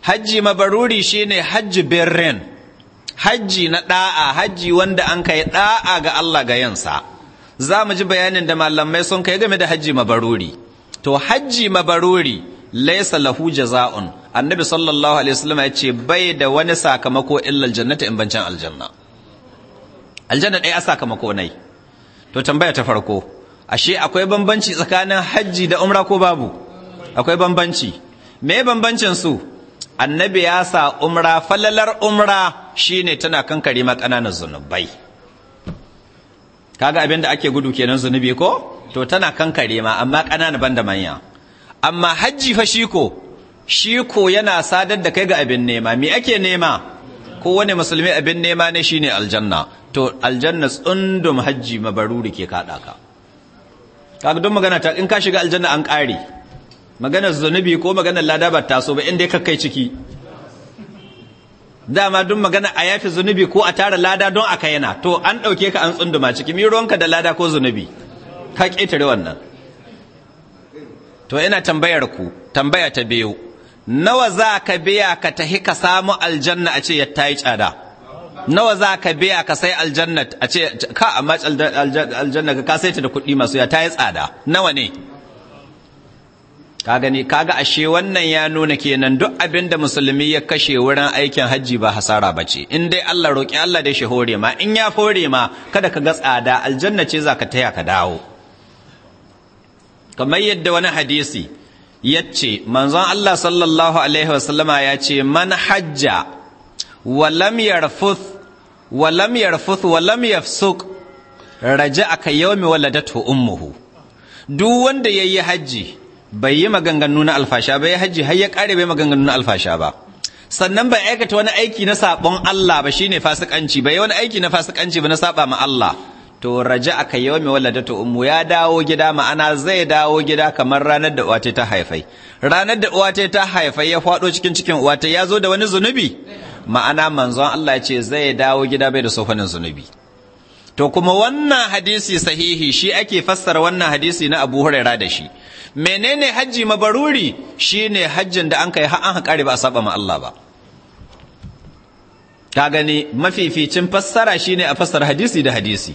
hajji mabaruri shine hajji birrin hajji na ɗa'a hajji wanda an kai ɗa'a ga Allah ga yansa za mu ji bayanin da malamai sun kai game da hajji mabaruri to hajji mabaruri Laisa lahu jaza'un annabi sallallahu alaihi wasallam ya ce bai da wani sakamako illa aljannata in bancan aljanna aljanna ɗaya a sakamako nai to tambaya ta farko ashe akwai bambanci tsakanin hajji da umra ko babu akwai bambanci me bambancin su annabi ya sa umra falalar umra shine tana kankari ma ƙananan zunubai kaga abin da ake gudu kenan zunubi ko to tana kankare ma amma kanana ban da manya amma hajji fa shi ko shi ko yana sadar da kai ga abin nema me ake nema ko wani musulmi abin nema ne shine aljanna to aljanna tsundum hajji mabaruri ke kaɗa ka kaga don magana ta in ka shiga aljanna an ƙare maganar zunubi ko maganar lada ba taso ba inda ya kai ciki dama duk magana a yafi zunubi ko a tara lada don aka yana to an ɗauke ka an tsunduma ciki mi ruwanka da lada ko zunubi ka ƙetare wannan to ina tambayar ku tambaya ta biyu nawa za ka biya ka tahi ka samu aljanna a ce ya tayi tsada nawa za ka biya ka sai aljanna a ce ka amma aljanna ka sai ta da kuɗi masu ya tayi tsada nawa ne ka gani kaga ashe wannan ya nuna kenan duk abin da musulmi ya kashe wurin aikin hajji ba hasara ba ce in dai Allah roƙi Allah dai shi hore ma in ya hore ma kada ka ga tsada aljanna ce za ka taya ka dawo kamar yadda wani hadisi ya ce manzon Allah sallallahu alaihi wasallama ya ce man hajja walam yarfuth walam yarfuth raja aka yawmi waladatu ummuhu duk wanda yayi hajji bai yi maganganu na alfasha ba ya hajji har ya kare bai maganganu na alfasha ba sannan bai aikata wani aiki na sabon Allah ba shine fasikanci bai wani aiki na fasikanci ba na saba ma Allah to raja aka yawmi to ummu ya dawo gida ma'ana zai dawo gida kamar ranar da uwata ta haifai ranar da uwata ta haifai ya fado cikin cikin uwata, ya zo da wani zunubi ma'ana manzon Allah ya ce zai dawo gida bai da sofanin zunubi to kuma wannan hadisi sahihi shi ake fassara wannan hadisi na Abu Hurairah da shi menene hajji mabaruri shine hajjin da an kai har an haƙari ba a saba ma Allah ba ka gani mafificin fassara shine a fassara hadisi da hadisi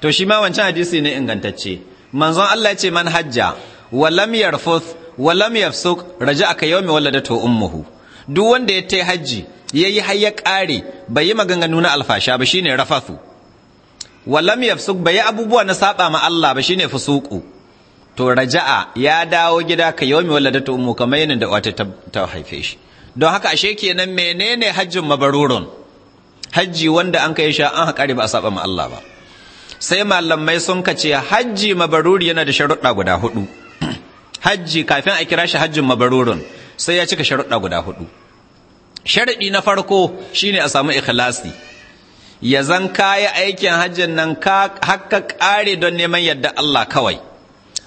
to shi ma wancan hadisi ne ingantacce manzon Allah ya ce man hajja wa lam yarfuth wa lam yafsuk raja'a ka yawmi waladatu ummuhu duk wanda ya tai hajji yayi har ya kare bai yi maganganu na alfasha ba shine rafathu wa lam yafsuk bai yi abubuwa na saba ma Allah ba shine fusuku to raja'a ya dawo gida ka wallada ta umu kamar yanin da wata ta haife shi don haka ashe kenan menene hajjin mabarurun hajji wanda an kai sha an haƙari ba a saba ma Allah ba sai malamai sun kace hajji mabaruri yana da sharuɗa guda hudu hajji kafin a kira shi hajjin mabarurun sai ya cika sharuɗa guda hudu sharaɗi na farko shine a samu ikhlasi ya zan kaya aikin hajjin nan ka haka ƙare don neman yadda Allah kawai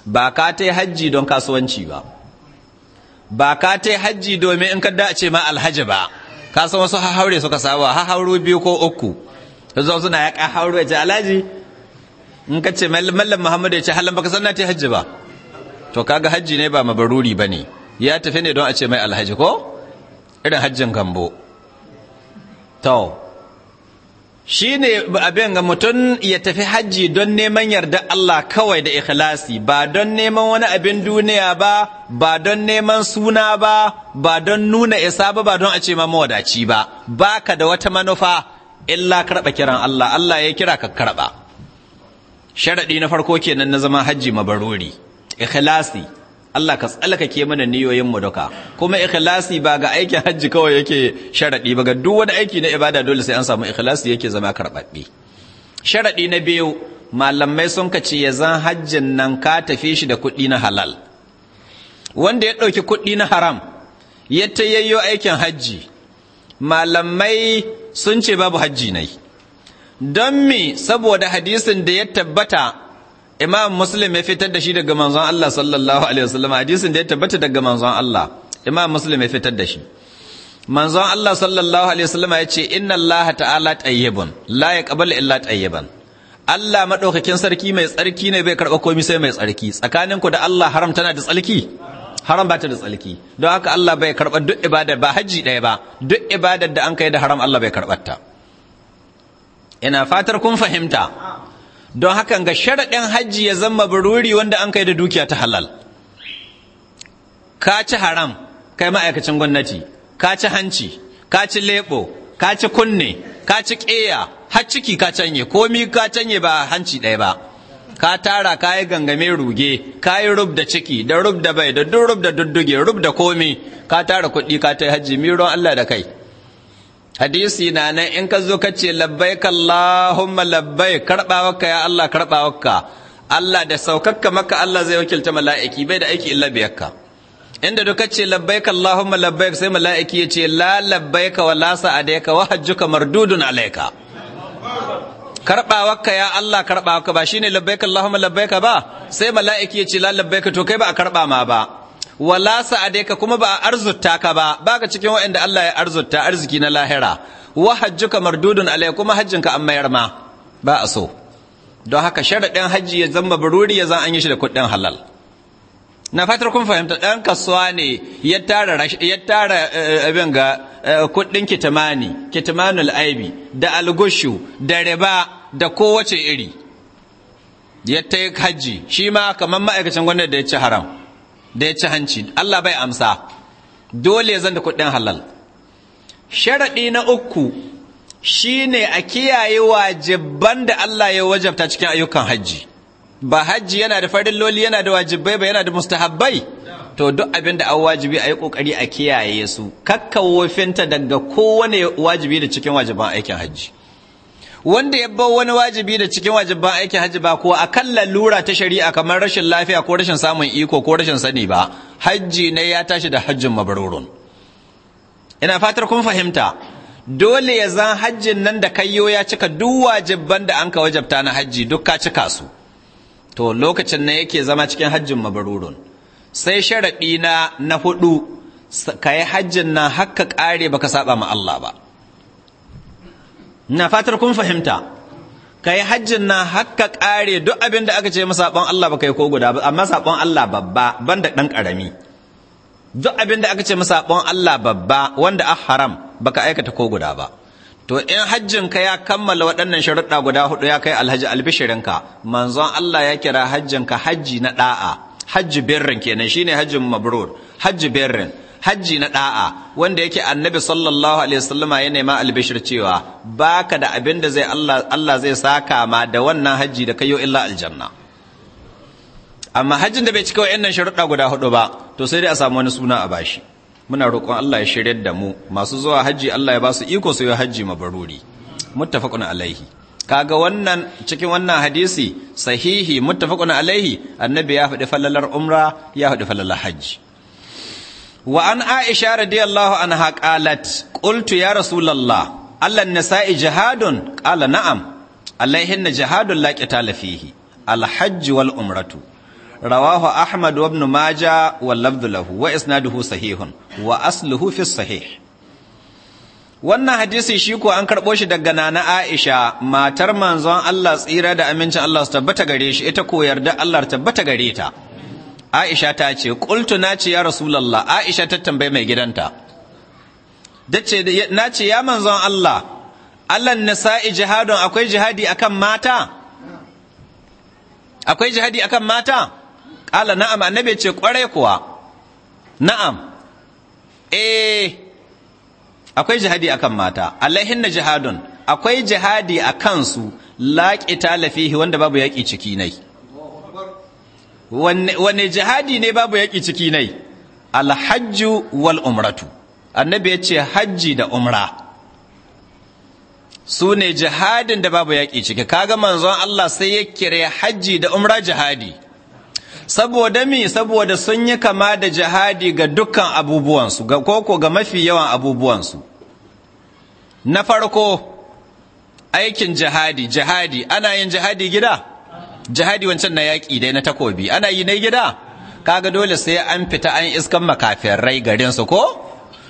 ba ka ta hajji don kasuwanci ba ba ka ta hajji domin in kada a ce ma alhaji ba ka san wasu hahaure suka saba hahauru biyu ko uku zuwa suna ya ka hauru ya ce alhaji in ka ce mallam muhammadu ya ce halin baka sanna ta hajji ba to kaga hajji ne ba mabaruri ba ne ya tafi ne don a ce mai alhaji ko irin hajjin gambo to shi ne abin ga mutum ya tafi hajji don neman yarda Allah kawai da ikhlasi ba don neman wani abin duniya ba ba don neman suna ba ba don nuna isa ba ba don a ce ma mawadaci ba baka da wata manufa illa karɓa kiran Allah Allah ya kira ka karɓa sharaɗi na farko kenan na zama hajji mabaruri ikhlasi Allah ka tsallakake mana niyoyin mu duka kuma ikhlasi ba ga aikin hajji kawai yake sharadi ba ga duk wani aiki na ibada dole sai an samu ikhlasi yake zama karbabbe sharadi na biyu malamai sun ka ce zan hajjin nan ka tafi shi da kuɗi na halal wanda ya ɗauki kuɗi na haram ya ta aikin hajji malamai sun ce babu hajji nai don mi saboda hadisin da ya tabbata imam muslim ya fitar da shi daga manzon Allah sallallahu alaihi wasallam hadisin da ya tabbata daga manzon Allah imam muslim ya fitar da shi manzon Allah sallallahu alaihi wasallam ya ce inna Allah ta'ala tayyibun la yaqbal illa tayyiban Allah madaukakin sarki mai tsarki ne bai karba komai sai mai tsarki tsakanin ku da Allah haram tana da tsarki haram ba ta da tsarki don haka Allah bai karba duk ibada ba haji ɗaya ba duk ibadar da an kai da haram Allah bai karbata ina fatar kun fahimta don hakan ga sharaɗin hajji ya zama baruri wanda an kai da dukiya ta halal ka ci haram kai ma'aikacin gwamnati ka ci hanci ka ci lebo ka ci kunne ka ci ƙeya har ciki ka canye komi ka canye ba hanci ɗaya ba ka tara ka yi gangame ruge ka yi rub da ciki da rub da bai da duk rub da dudduge rub da komi ka tara kuɗi ka ta hajji miron Allah da kai hadisi na nan in ka zo ka ce labbaik Allahumma labbaik karɓawarka ya Allah karɓawarka Allah da saukakka maka Allah zai wakilta mala'iki bai da aiki illa biyakka inda ka ce labbaik Allahumma labbaik sai mala'iki ya ce la labbaik wa la sa'adaika wa hajjuka mardudun alaika karɓawarka ya Allah karɓawarka ba shine labbaik Allahumma labbaik ba sai mala'iki ya ce la labbaik to kai ba a karɓa ma ba wala ka kuma ba a arzutta ka ba baka cikin waɗanda Allah ya arzutta arziki na lahira wa hajjuka mardudun alai kuma hajjinka an mayar ma ba a so don haka sharaɗin hajji ya zama baruri ya zan an yi shi da kuɗin halal na fatar kun fahimta ɗan kasuwa ne ya tara eh, abin ga eh, kuɗin kitmani kitmanul aibi da algushu da riba da kowace iri ya ta hajji shi ma kamar ma'aikacin gwamnati da ya ci haram da ya ci hanci Allah bai amsa dole zan da kuɗin halal sharaɗi na uku shine a kiyaye wajibban da Allah ya wajabta cikin ayyukan hajji ba hajji yana da farin loli, yana da wajibai ba yana da mustahabbai to duk abin da an wajibi a yi kokari a kiyaye su kakkawofinta daga kowane wajibi da cikin wajiban aikin hajji wanda ya bar wani wajibi da cikin wajibban aikin hajji ba ko akan lalura ta shari'a kamar rashin lafiya ko rashin samun iko ko rashin sani ba hajji ne ya tashi da hajjin mabrurun ina fatar kun fahimta dole ya zan hajjin nan da kayyo ya cika duk wajibban da an ka wajabta na hajji duk ka cika su to lokacin ne yake zama cikin hajjin mabrurun sai sharadi na na hudu ka yi hajjin nan hakka kare baka saba ma Allah ba na fatar kun fahimta ka yi hajjin na haka kare duk abin da aka ce masa saɓon Allah ba kai ko guda ba amma saɓon Allah babba ban da ɗan ƙarami duk abin da aka ce masa saɓon Allah babba wanda a haram baka aikata ko guda ba to in hajjin ka ya kammala waɗannan sharuɗa guda hudu ya kai alhaji albishirinka manzon Allah ya kira hajjin ka hajji na ɗa'a hajji birrin kenan shine hajjin mabrur hajji birrin hajji na ɗa'a wanda yake annabi sallallahu alaihi wasallama ya nema albishir cewa baka da abin da zai Allah zai saka ma da wannan hajji da kayo illa aljanna amma hajjin da bai cika wayannan sharuɗa guda hudu ba to sai dai a samu wani suna a bashi muna roƙon Allah ya shiryar da mu masu zuwa hajji Allah ya ba su iko su yi hajji mabaruri muttafaqun alaihi kaga wannan cikin wannan hadisi sahihi muttafaqun alaihi annabi ya faɗi falalar umra ya faɗi falalar hajji wa an aisha radiyallahu anha qalat qultu ya rasulullah allan nisa'i jihadun qala na'am alaihinna jihadun la lafihi fihi alhajj wal umratu rawahu ahmad wabnu ibn majah wal lafdhu lahu wa isnaduhu sahihun wa asluhu fi sahih wannan hadisi shi ko an karɓo shi daga nana Aisha matar manzon Allah tsira da amincin Allah su tabbata gare shi ita ko yarda Allah tabbata gare ta aisha ta ce qultu na ce ya Rasulallah, aisha ta tambaye mai gidanta dace na ce ya manzon Allah Allah sa’i jihadun akwai jihadi akan mata akwai jihadi akan mata qala na'am annabi ce kwarai kuwa na'am eh akwai jihadi akan mata alaihinna jihadun akwai jihadi a kansu. laƙi lafihi, wanda babu yaƙi ciki nai wanne jihadi ne babu yaƙi ciki nai alhajju wal umratu annabi ya ce hajji da umra su ne jihadin da babu yaƙi ciki kaga manzon Allah sai ya kire hajji da umra jihadi saboda mi saboda sun yi kama da jihadi ga dukkan abubuwansu ga koko ga mafi yawan abubuwansu na farko aikin jihadi jihadi ana yin jihadi gida jihadi wancan na yaƙi dai na takobi ana yi na gida kaga dole sai an fita an iskan makafin rai garin su ko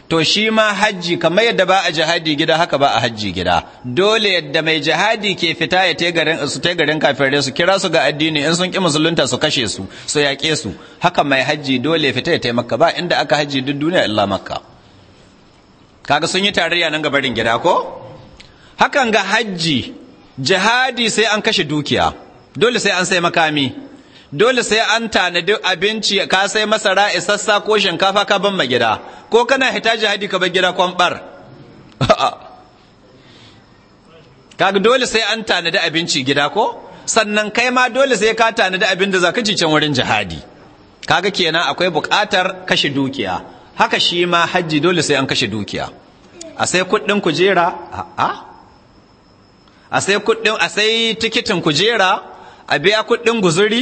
to shi ma hajji kamar yadda ba a jihadi gida haka ba a hajji gida dole yadda mai jihadi ke fita ya te garin su te garin kafirai su kira su ga addini in sun ki musulunta su kashe su su yaƙe su haka mai hajji dole fita ya taimaka ba inda aka hajji duk duniya illa makka kaga sun yi tarayya nan gabarin gida ko hakan ga hajji jihadi sai an kashe dukiya dole sai an sai makami dole sai an tanadi abinci ka sai masara isassa ko shinkafa ka ban ma gida ko kana hita jihadi ka ban gida kwambar kaga dole sai an tanadi abinci gida ko sannan kai ma dole sai ka tanadi abin da zaka ci can wurin jihadi kaga kenan akwai buƙatar kashe dukiya haka shi ma hajji dole sai an kashe dukiya a sai kuɗin kujera a a sai kuɗin a sai tikitin kujera a biya kuɗin guzuri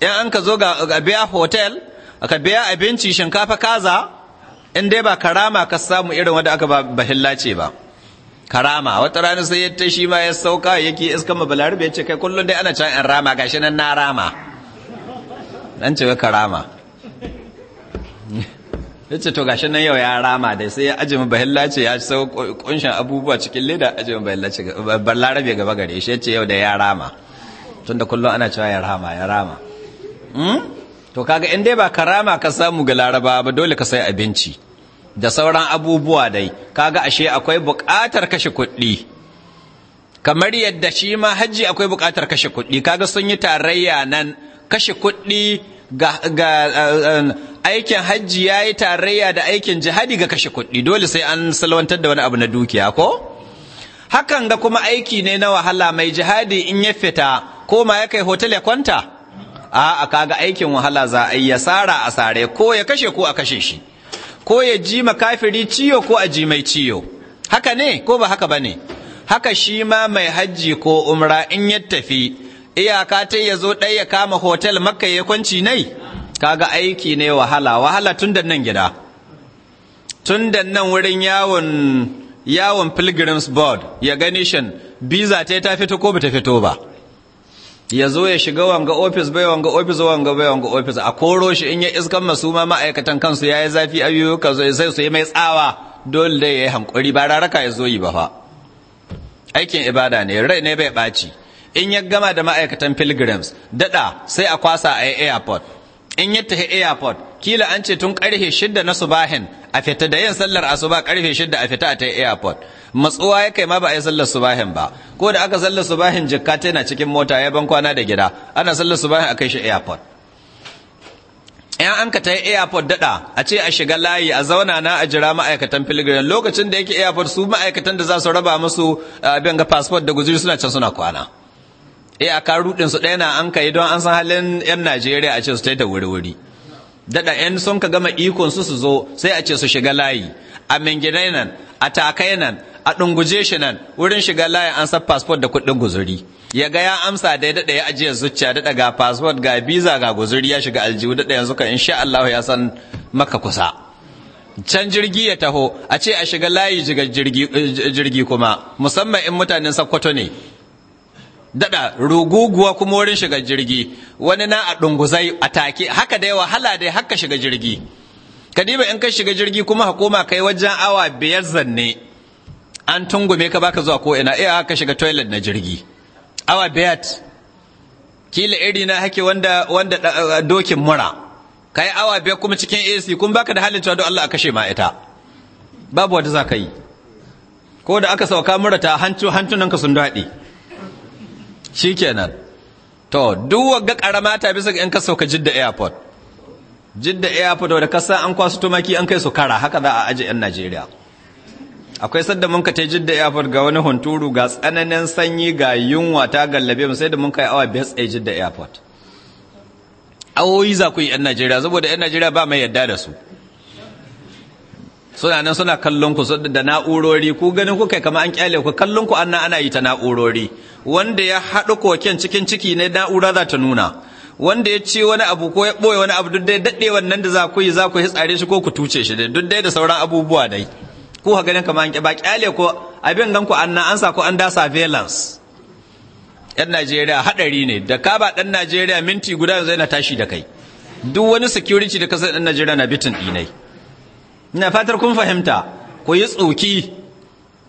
in an ka zo ga a biya hotel ka biya abinci shinkafa kaza in dai ba karama ka samu irin wanda aka ba hillace ba karama wata rana sai ya ta shi ma ya sauka yake iskan mabalari ya ce kai kullum dai ana can in rama gashi nan na rama dan ce karama ya ce to gashi nan yau ya rama dai sai ya ajiye bahilla ce ya sau kunshin abubuwa cikin leda ajiye bahilla ce balarabe gaba gare shi yace ce yau da ya rama tunda kullum ana cewa ya rama ya rama hmm? to kaga in dai ba rama ka samu ga laraba ba dole ka sai abinci da sauran abubuwa dai kaga ashe akwai bukatar kashe kuɗi kamar yadda shi ma hajji akwai bukatar kashe kuɗi kaga sun yi tarayya nan kashe kuɗi ga, aikin hajji ya yi tarayya da aikin jihadi ga kashe kuɗi dole sai an salwantar da wani abu na dukiya ko hakan ga kuma aiki ne na wahala mai jihadi in ya fita koma ya kai hotel ya kwanta a kaga aikin wahala za a yi ya sara a sare ko ya kashe ko a kashe shi ko ya ji makafiri ciyo ko a ji mai ciyo haka ne ko ba haka ba ne haka shi ma mai hajji ko umra in ya tafi iyaka ta ya zo ɗaya ya kama hotel makka ya kwanci nai kaga aiki ne wahala wahala tun da nan gida tun da nan wurin yawon yawon pilgrims board ya gani shin biza ta ta fito ko ba ta fito ba ya zo ya shiga wanga ofis bai wanga ofis wanga bai wanga ofis a koro shi in ya iskan masu ma ma'aikatan kansu ya yi zafi ayyuka zo sai su yi mai tsawa dole da ya yi hankuri ba raraka ya zo yi ba fa aikin ibada ne rai ne bai ɓaci in ya gama da ma'aikatan pilgrims daɗa sai a kwasa a airport in ya tafi airport kila an ce tun karfe shidda na subahin a fita da yin sallar asuba karfe shidda a fita a ta airport matsuwa ya kai ma ba a yi sallar subahin ba ko da aka sallar subahin jikka ta yana cikin mota ya ban kwana da gida ana sallar subahin a kai shi airport in an ka ta yi airport daɗa, a ce a shiga layi a zauna na a jira ma'aikatan pilgrim lokacin da yake airport su ma'aikatan da za su raba musu abin ga passport da guzuri suna can suna kwana E, a karudin su ɗaya na an kai don an san halin yan Najeriya a ce su taita wuri-wuri daɗa yan sun ka gama ikon su su zo sai a ce su shiga layi a minginai nan a takai nan a ɗunguje shi nan wurin shiga layi an san fasfot da kuɗin guzuri ya ga ya amsa da ya daɗa ya ajiye zuciya daɗa ga fasfot ga biza ga guzuri ya shiga aljihu daɗa yanzu ka insha Allah ya san maka kusa can jirgi ya taho a ce a shiga layi eh, jirgi kuma musamman in mutanen sakkwato ne Dada ruguguwa kuma wurin shiga jirgi wani na a dunguzai a take haka da yawa hala dai haka shiga jirgi kadiba in ka shiga jirgi kuma hukuma kai wajen awa biyar zanne an tungume ka baka zuwa ko ina iya eh, haka shiga toilet na jirgi awa biyar kila iri na hake wanda wanda eh, dokin mura kai awa biyar kuma cikin AC kun baka da halin cewa don Allah a kashe ma ita babu wanda za ka yi ko da aka sauka murata ta hancu hantunan ka sun daɗe Shi kenan to duk wanda karama ta bisa ga kaso ka sauka jidda airport jidda airport da kasa an kwasu tumaki an kai su kara haka za a aje yan Najeriya akwai sadda mun ka ta jidda airport ga wani hunturu ga tsananin sanyi ga yunwa ta gallabe mu sai da mun kai awa biyar tsaye jidda airport awoyi za ku yi yan Najeriya saboda yan Najeriya ba mai yadda da su suna nan suna kallon ku da na'urori ku ganin kuka kama an kyale ku kallon ku anna ana yi ta na'urori wanda ya haɗu koken cikin ciki ne na'ura za ta nuna wanda ya ce wani abu ko ya ɓoye wani abu duk dai daɗe wannan da za ku yi za ku yi tsare shi ko ku tuce shi dai duk dai da sauran abubuwa dai ku ha ganin kama an ba kyale ko abin gan ku anna an sa ku an da surveillance yan Najeriya haɗari ne da ka ba ɗan Najeriya minti guda yanzu yana tashi da kai duk wani security da kasar dan Najeriya na bitin ɗinai. ina fatar kun fahimta ku yi tsoki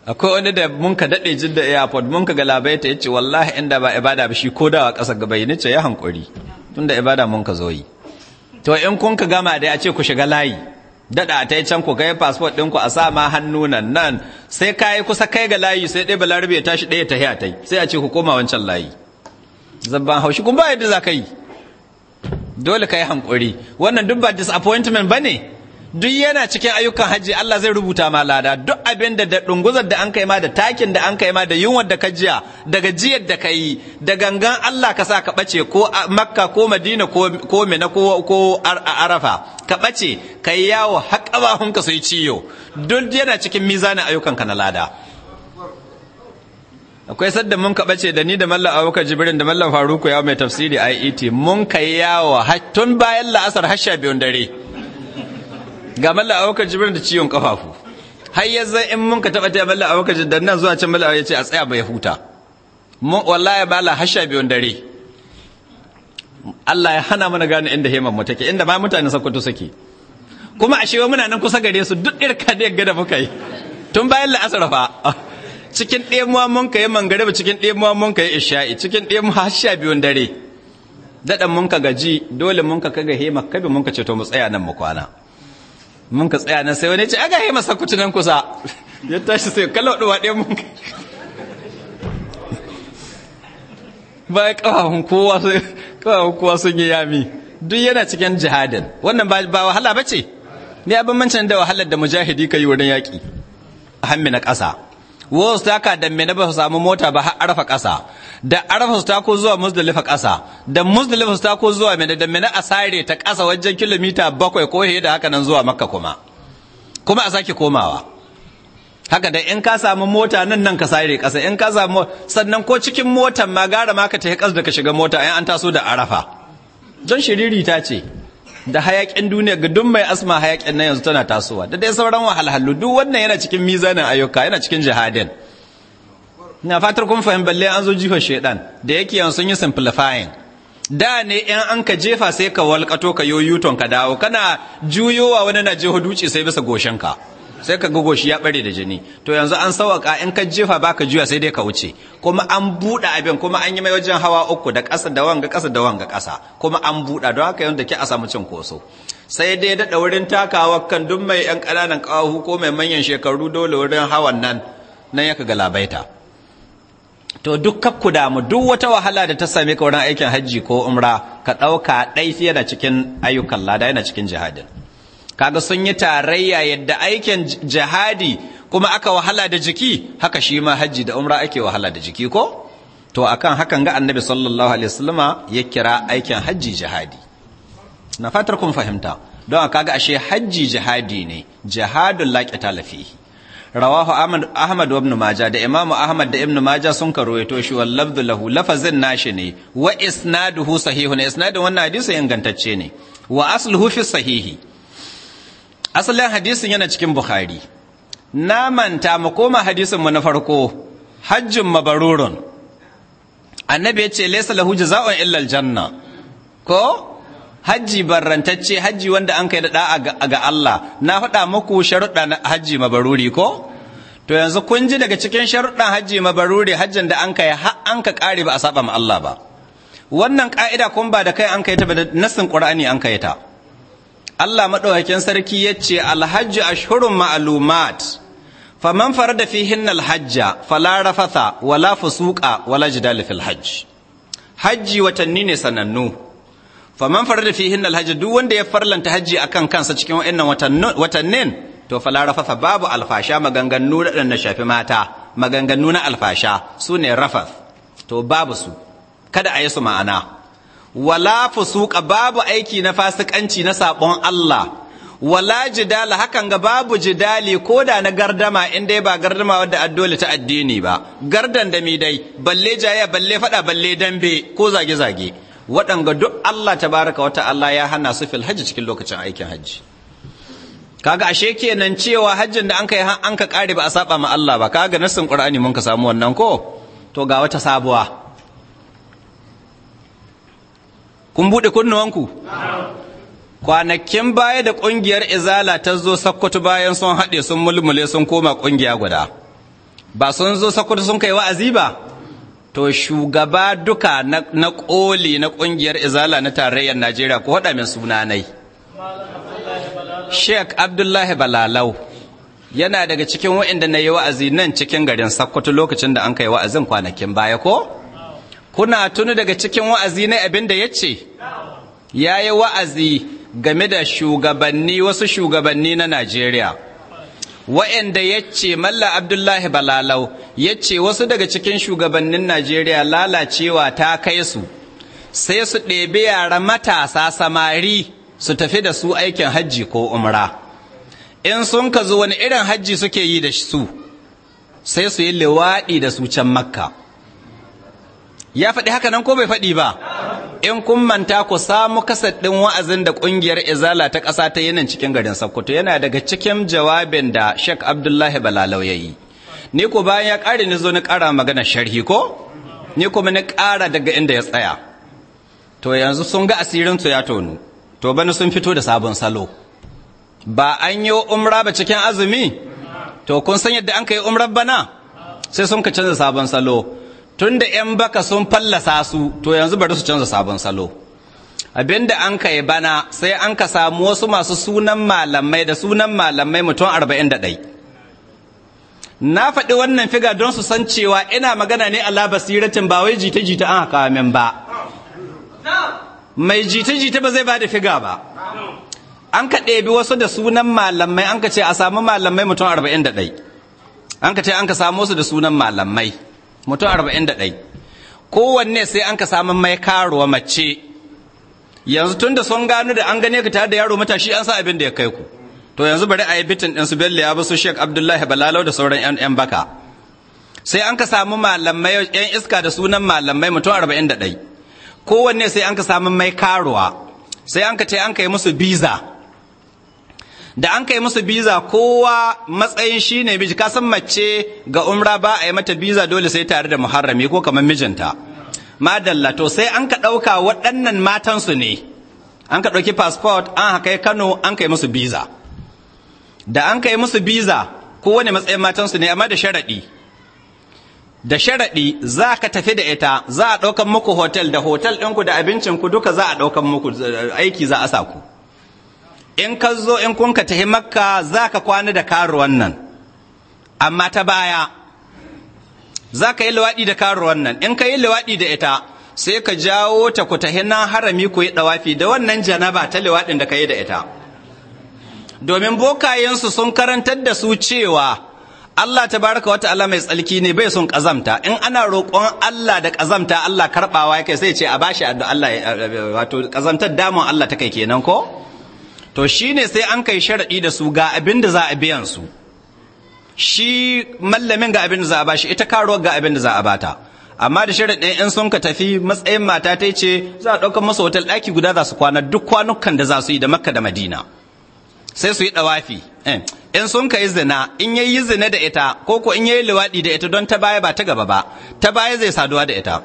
akwai wani da mun ka daɗe da airport mun ka galabai ta yace wallahi inda ba ibada ba shi ko dawa ƙasa gaba yi ce ya hankuri tunda ibada mun ka zo yi to in kun ka gama dai a ce ku shiga layi daɗa ta yi can ku kai passport ku a sa ma hannu nan nan sai ka kusa kai ga layi sai ɗaya balarabe ya tashi ɗaya ta ta sai a ce ku koma wancan layi zabban haushi kun ba yadda za ka yi dole ka yi hankuri wannan duk ba disappointment ba ne duk yana cikin ayyukan hajji Allah zai rubuta ma lada duk abin da da dunguzar da an kai ma da takin da an kai ma da yunwar da ka jiya da gajiyar da ka yi da gangan Allah ka sa ka bace ko makka ko madina ko mina ko ko arafa ka bace ka yi yawo haƙabahun ka sai ciyo duk yana cikin mizanin ayyukan ka na lada akwai sadda mun ka bace da ni da mallam Abubakar Jibrin da mallam Faruku ya mai tafsiri IET mun kai yawo tun bayan la'asar har dare ga malla abokan jibrin da ciwon kafafu har yanzu in mun ka taɓa taya malla abokan jibrin nan zuwa can mallaka ya ce a tsaya bai huta mun wallahi bala hasha biyun dare Allah ya hana mana gane inda hemar mu take inda ba mutane sakkwato suke kuma a shewa muna nan kusa gare su duk irka da yagga da muka yi tun bayan la'asar fa cikin ɗemuwa mun ka yi mangariba cikin ɗemuwa mun ka yi isha'i cikin ɗemuwa har sha biyun dare daɗan mun ka gaji dole mun ka kaga hema kabi mun ka ceto mu tsaya nan mu kwana mun ka tsaya nan sai wani ce aga yi masa kuci nan kusa ya tashi sai kallon ɗuwa ɗaya mun ba ya ƙawahun kowa sai ƙawahun kowa sun yi yami duk yana cikin jihadin wannan ba wahala ba ce ne abin mancan da wahalar da mujahidi ka yi wurin yaƙi a hammi na ƙasa wasu ka da mena ba su samu mota ba har arafa ƙasa da arafa su ko zuwa musdalifa ƙasa da musdalifa su ko zuwa mena da mena a sare ta ƙasa wajen kilomita bakwai ko da haka nan zuwa makka kuma kuma a sake komawa haka da in ka samu mota nan nan ka sare ƙasa in ka samu sannan ko cikin motan ma gara ma ka tafi ƙasa da ka shiga mota in an taso da arafa don shiriri ta ce da hayakin duniya ga duk mai asma hayakin nan yanzu tana tasowa da dai sauran wahalhalu duk wannan yana cikin mizanin ayyuka yana cikin jihadin na fatar kun fahim balle an zo jifa shaidan da yake yanzu sun yi simplifying da ne yan an ka jefa sai ka walkato ka yoyuton ka dawo kana juyowa wani na jeho duci sai bisa ka. sai ka gogo shi ya bare da jini to yanzu an sawaka in ka jefa baka juya sai dai ka wuce kuma an buɗe abin kuma an yi mai wajen hawa uku da ƙasa da wanga ƙasa da wanga ƙasa kuma an buɗa don haka yanda ki ke a samu cin koso sai dai daɗa wurin takawa kan duk mai ƴan ƙananan ƙahu ko mai manyan shekaru dole wurin hawan nan nan ya ka galabaita to duk kakku damu duk wata wahala da ta same ka wurin aikin hajji ko umra ka ɗauka ɗai da cikin ayyukan lada yana cikin jihadin kaga sun yi tarayya yadda aikin jihadi kuma aka wahala da jiki haka shi ma hajji da umra ake wahala da jiki ko to akan hakan ga annabi sallallahu alaihi wasallama ya kira aikin hajji jihadi na fatar kun fahimta don kaga ashe hajji jihadi ne jihadul laqi lafihi. rawahu ahmad wa ibn majah da imamu ahmad da ibn majah sun karoyato shi wal lafdhu lahu lafazin nashi ne wa isnaduhu sahihun isnadin wannan hadisi ingantacce ne wa asluhu fi sahihi asalin hadisin yana cikin bukhari na manta mu koma hadisin mu na farko hajjin mabarurun annabi ya ce laysa lahu jazaa'un illa janna ko hajji barrantacce hajji wanda an kai da da'a ga Allah na faɗa muku sharuɗa na hajji mabaruri ko to yanzu kun ji daga cikin sharuɗan hajji mabaruri hajjin da an kai an ka ƙare ba a saba ma Allah ba wannan ƙa'ida kun ba da kai an kai ta ba da nassin Qur'ani an kai ta Allah maɗaukakin sarki ya ce alhajju ashhurun ma'alumat faman da fihin alhajja falara rafatha wala fusuka wala jidala fil hajj hajji watanni ne sanannu faman da fihin alhajja duk wanda ya farlanta hajji akan kansa cikin waɗannan watannin to falara rafatha babu alfasha maganganu da na shafi mata maganganu na alfasha ne rafas. to babu su kada a yi su ma'ana wala fusuka babu aiki na fasikanci na sabon Allah wala jidala hakan ga babu jidali ko da na gardama in dai ba gardama wadda addole ta addini ba gardan da mi dai balle jaya balle fada balle dambe ko zage zage waɗanga duk Allah tabaraka wata Allah ya hana su fil hajji cikin lokacin aikin hajji kaga ashe kenan cewa hajjin da an kai an ka kare ba a saba ma Allah ba kaga nassin Qur'ani mun ka samu wannan ko to ga wata sabuwa kun buɗe kunnuwanku kwanakin baya da ƙungiyar izala ta zo sakkwato bayan sun haɗe sun mulmule sun koma ƙungiya guda ba sun zo sakkwato sun kai wa'azi ba to shugaba duka na ƙoli na ƙungiyar izala na tarayyar najeriya ko haɗa min nai sheik abdullahi balalau yana daga cikin waɗanda na yi wa'azi nan cikin garin sakkwato lokacin da an kai wa'azin kwanakin baya ko kuna tuni daga cikin wa'azi na abin da ya ce ya yi wa'azi game da shugabanni wasu shugabanni na najeriya wa'anda ya ce malla abdullahi balalau ya ce wasu daga cikin shugabannin najeriya lalacewa ta kai su sai su ɗebi yara matasa samari su tafi da su aikin hajji ko umra in sun ka zo wani irin hajji suke yi da su sai su yi liwaɗi da su can makka ya faɗi haka nan ko bai faɗi ba in kun manta ku samu kasad ɗin wa'azin da ƙungiyar izala ta ƙasa ta yinin cikin garin sokoto yana daga cikin jawabin da shek abdullahi balalau ya yi ni ku bayan ya ƙare ni zo ni ƙara magana sharhi ko ni kuma ni ƙara daga inda ya tsaya to yanzu sun ga asirin su ya tonu to bani sun fito da sabon salo ba an yi umra ba cikin azumi to kun san yadda an ka yi umrar bana sai sun ka canza sabon salo tunda yan baka sun fallasa su to yanzu bari su canza sabon salo abinda an kai bana sai an ka samu wasu masu sunan malamai da sunan malamai mutum arba'in da ɗai na faɗi wannan figa don su san cewa ina magana ne Allah basiratin ba wai jita-jita an haka min ba mai jita-jita ba zai ba da figa ba an ka ɗebi wasu da sunan malamai an ka ce a samu malamai mutum arba'in da ɗai an ka ce an ka samu wasu da sunan malamai mutum arba'in da ɗai kowanne sai an ka samun mai karuwa mace yanzu tun da sun gano da an gane ka tare da yaro matashi an sa abin da ya kai ku to yanzu bari a yi bitin ɗin su bello ya bi su sheik abdullahi balalau da sauran yan baka sai an ka samu malamai yan iska da sunan malamai mutum arba'in da ɗai kowanne sai an ka samu mai karuwa sai an ka ce an ka yi musu biza da an kai musu biza kowa matsayin shi ne miji ka mace ga umra ba a yi mata biza dole sai tare da muharrami ko kamar mijinta madalla to sai an ka ɗauka waɗannan matansu ne an ka ɗauki passport an haka kano an kai musu biza da an kai musu biza kowane matsayin matansu ne amma da sharaɗi da sharaɗi za ka tafi da ita za a ɗaukan muku hotel da hotel ɗinku da abincinku duka za a ɗaukan muku aiki za a sa ku in ka zo in kun ka tahi makka za ka kwana da karuwan nan amma ta baya za ka yi luwaɗi da karuwan nan in ka yi luwaɗi da ita sai ka jawo ta ku tahi nan harami ku yi dawafi da wannan janaba ta luwaɗin da ka yi da ita domin bokayensu sun karantar da su cewa Allah ta baraka wata Allah mai tsalki ne bai sun kazamta in ana roƙon Allah da kazamta Allah karɓawa yake sai ce a bashi addu'a Allah wato kazamtar damun Allah ta kai kenan ko to shi ne sai an kai sharaɗi da su ga abin da za a biyan su shi mallamin ga abin da za a bashi ita karuwar ga abin da za a bata amma da sharaɗin in sun ka tafi matsayin mata ta ce za a ɗaukar masa hotel ɗaki guda za su kwana duk kwanukan da za su yi da makka da madina sai su yi ɗawafi eh, in sun ka yi zina in ya yi zina da ita ko ko in ya yi luwaɗi da ita don ta baya ba ta gaba ba ta baya zai saduwa da ita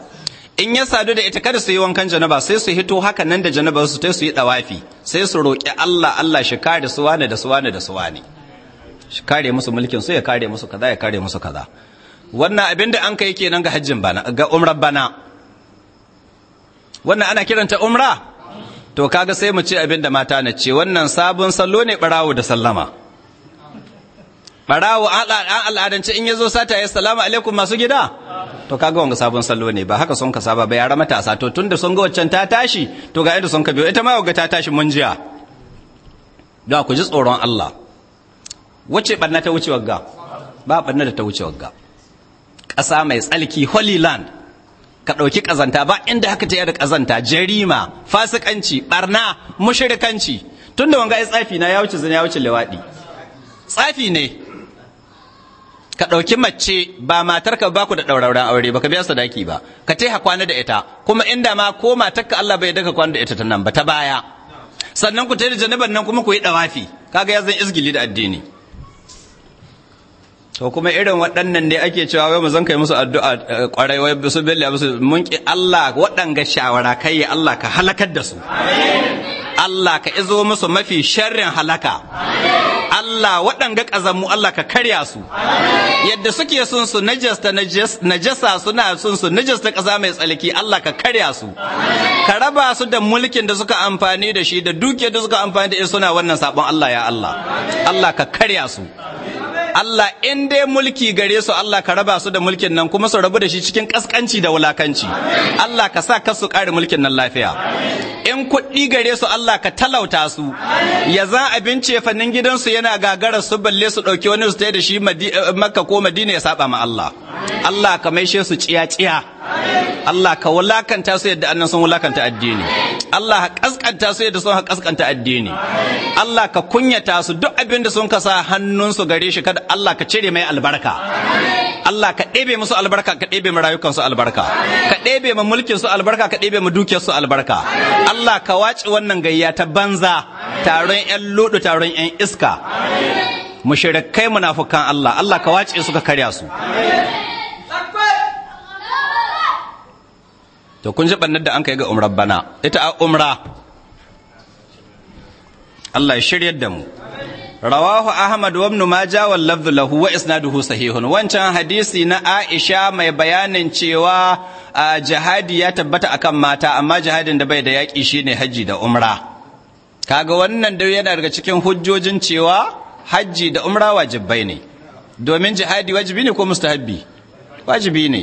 in ya sadu da ita kada su yi wankan janaba sai su hito haka nan da janaba su tai su yi dawafi sai su roƙi Allah Allah shi kare su wane da su wane da su wane shi kare musu mulkin su ya kare musu kaza ya kare musu kaza wannan abin da an kai kenan ga hajjin bana ga umrar bana wannan ana kiranta umra to kaga sai mu ce abin da mata na ce wannan sabon sallo ne barawo da sallama barawo an al'adance in ya zo sata ya salamu alaikum masu gida to kaga wanga sabon sallo ne ba haka sun ka saba ba yara matasa to tunda sun ga waccan ta tashi to ga inda sun ka biyo ita ma ga ta tashi mun jiya da ku ji tsoron Allah wace barna ta wuce wagga ba barna da ta wuce wagga ƙasa mai tsalki holy land ka ɗauki ƙazanta ba inda haka ta da ƙazanta jarima fasikanci barna mushrikanci tunda wanga ai tsafi na ya wuce zina ya wuce lewadi tsafi ne ka ɗauki mace ba matarka ba ku da ɗaurauran aure ba ka biya sadaki ba ka taiha kwana da ita kuma inda ma ko matarka Allah bai daka kwana da ita ta nan ba ta baya sannan ku tare da janaban nan kuma ku yi dawafi kaga ya zan izgili da addini to kuma irin waɗannan ne ake cewa wai mu zan kai musu addu'a kwarai eh, wai su billa musu mun Allah waɗanga shawara kai Allah ka halakar da su amin Allah ka izo musu mafi sharrin halaka Allah waɗanga ƙazammu Allah ka karya su yadda suke sun su najasta najasa suna sun su najasta ƙasa mai tsalki Allah ka karya su ka raba su da mulkin da suka amfani da shi da dukiyar da suka amfani da suna wannan sabon Allah ya Allah Allah ka karya su Allah in dai mulki gare su Allah ka raba su da mulkin nan kuma su rabu da shi cikin kaskanci da wulakanci Allah ka sa kasu kare mulkin nan lafiya in kuɗi gare su Allah ka talauta su ya za fannin fannin gidansu yana gagara su balle su ɗauki wani su tai da shi eh, makka ko madina ya saba ma Allah Allah ka maishe su ciya ciya Allah ka wulakanta su yadda annan sun wulakanta addini Allah ka kaskanta su yadda sun kaskanta addini Allah ka kunyata su duk abin da sun ka sa hannunsu gare shi kada Allah ka cire mai albarka Allah ka ɗebe musu albarka ka ɗebe mu rayukansu albarka ka ɗebe mu mulkin su albarka ka ɗebe mu dukiyar albarka Allah ka wace wannan gayya ta banza taron ƴan ludu taron ƴan iska mushrikai munafukan Allah Allah ka wace su ka karya su to kun ji bannar da an kai ga umrar bana ita a umra Allah ya shiryar da mu rawahu ahmad wa ibn majah wal lafdhu lahu wa isnaduhu sahihun wancan hadisi na aisha mai bayanin cewa jihadi ya tabbata akan mata amma jihadin da bai da yaki shine haji da umra kaga wannan da yana daga cikin hujjojin cewa haji da umra wajibai ne domin jihadi wajibi ne ko mustahabbi wajibi ne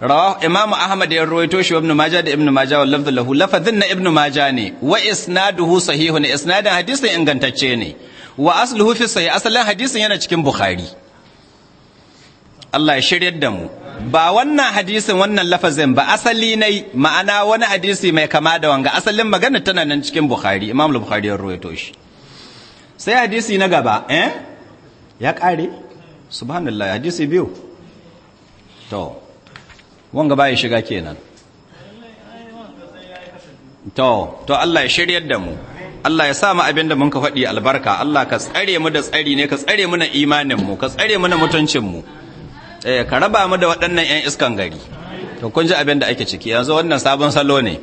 rawahu imam ahmad ya rawaito shi ibn majah da ibn majah wal lafdhu lahu lafadhin na ibn majah ne wa isnaduhu sahihun isnadin hadisin ingantacce ne wa asluhu fi sahih asalin hadisin yana cikin bukhari Allah ya shiryar da mu ba wannan hadisin wannan lafazin ba asali ne ma'ana wani hadisi mai kama da wanga asalin magana tana nan cikin bukhari imam bukhari ya rawaito shi sai hadisi na gaba eh ya kare subhanallah hadisi biyu to wanga ya shiga kenan to to Allah ya shiryar da mu Allah ya sa mu abin da mun ka faɗi albarka Allah ka tsare mu da tsari ne ka tsare mu na imanin mu ka tsare mu na mutuncin mu eh ka raba mu da waɗannan ƴan iskan gari to kun ji abin da ake ciki yanzu wannan sabon salo ne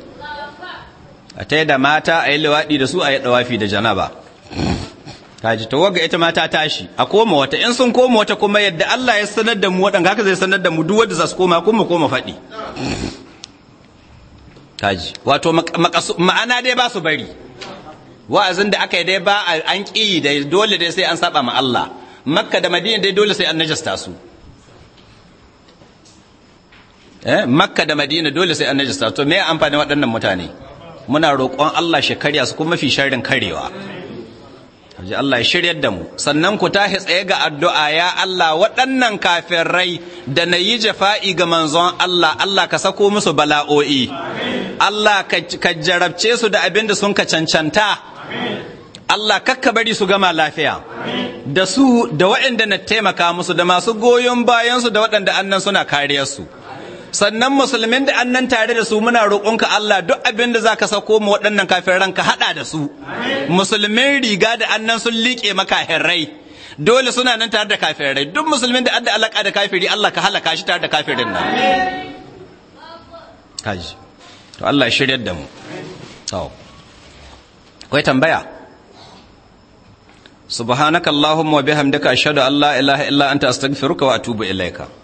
a taida mata a yi liwaɗi da su a yi ɗawafi da janaba kaji tawaga ita ma ta tashi a koma wata in sun koma wata kuma yadda Allah ya sanar da mu waɗanda haka zai sanar da mu duk wanda za su koma kuma koma faɗi kaji wato ma'ana dai ba su bari wa'azin da aka yi dai ba an ƙi dai dole dai sai an saba ma Allah makka da madina dai dole sai an najasta su eh makka da madina dole sai an najasta to me amfanin waɗannan mutane muna roƙon Allah shi su kuma mafi sharrin karewa ji Allah ya shiryar da mu sannan ku tashi tsaye ga addu'a ya Allah waɗannan kafin rai da na yi jafa'i ga manzon Allah Allah ka sako musu bala'o'i Allah ka jarabce su da abin da sun ka cancanta Allah kakka bari su gama lafiya da su da waɗanda na taimaka musu da masu goyon bayansu da waɗanda annan suna kariyarsu su sannan musulmin da annan tare da su muna roƙonka Allah duk abin da zaka sako mu waɗannan kafin ranka haɗa da su musulmin riga da annan sun liƙe maka herrai dole suna nan tare da kafirai duk musulmin da adda alaka da kafiri Allah ka halaka shi tare da kafirin nan kaji to Allah shiryar da mu to kai tambaya subhanakallahumma wa bihamdika ashhadu an la ilaha illa anta astaghfiruka wa atubu ilaika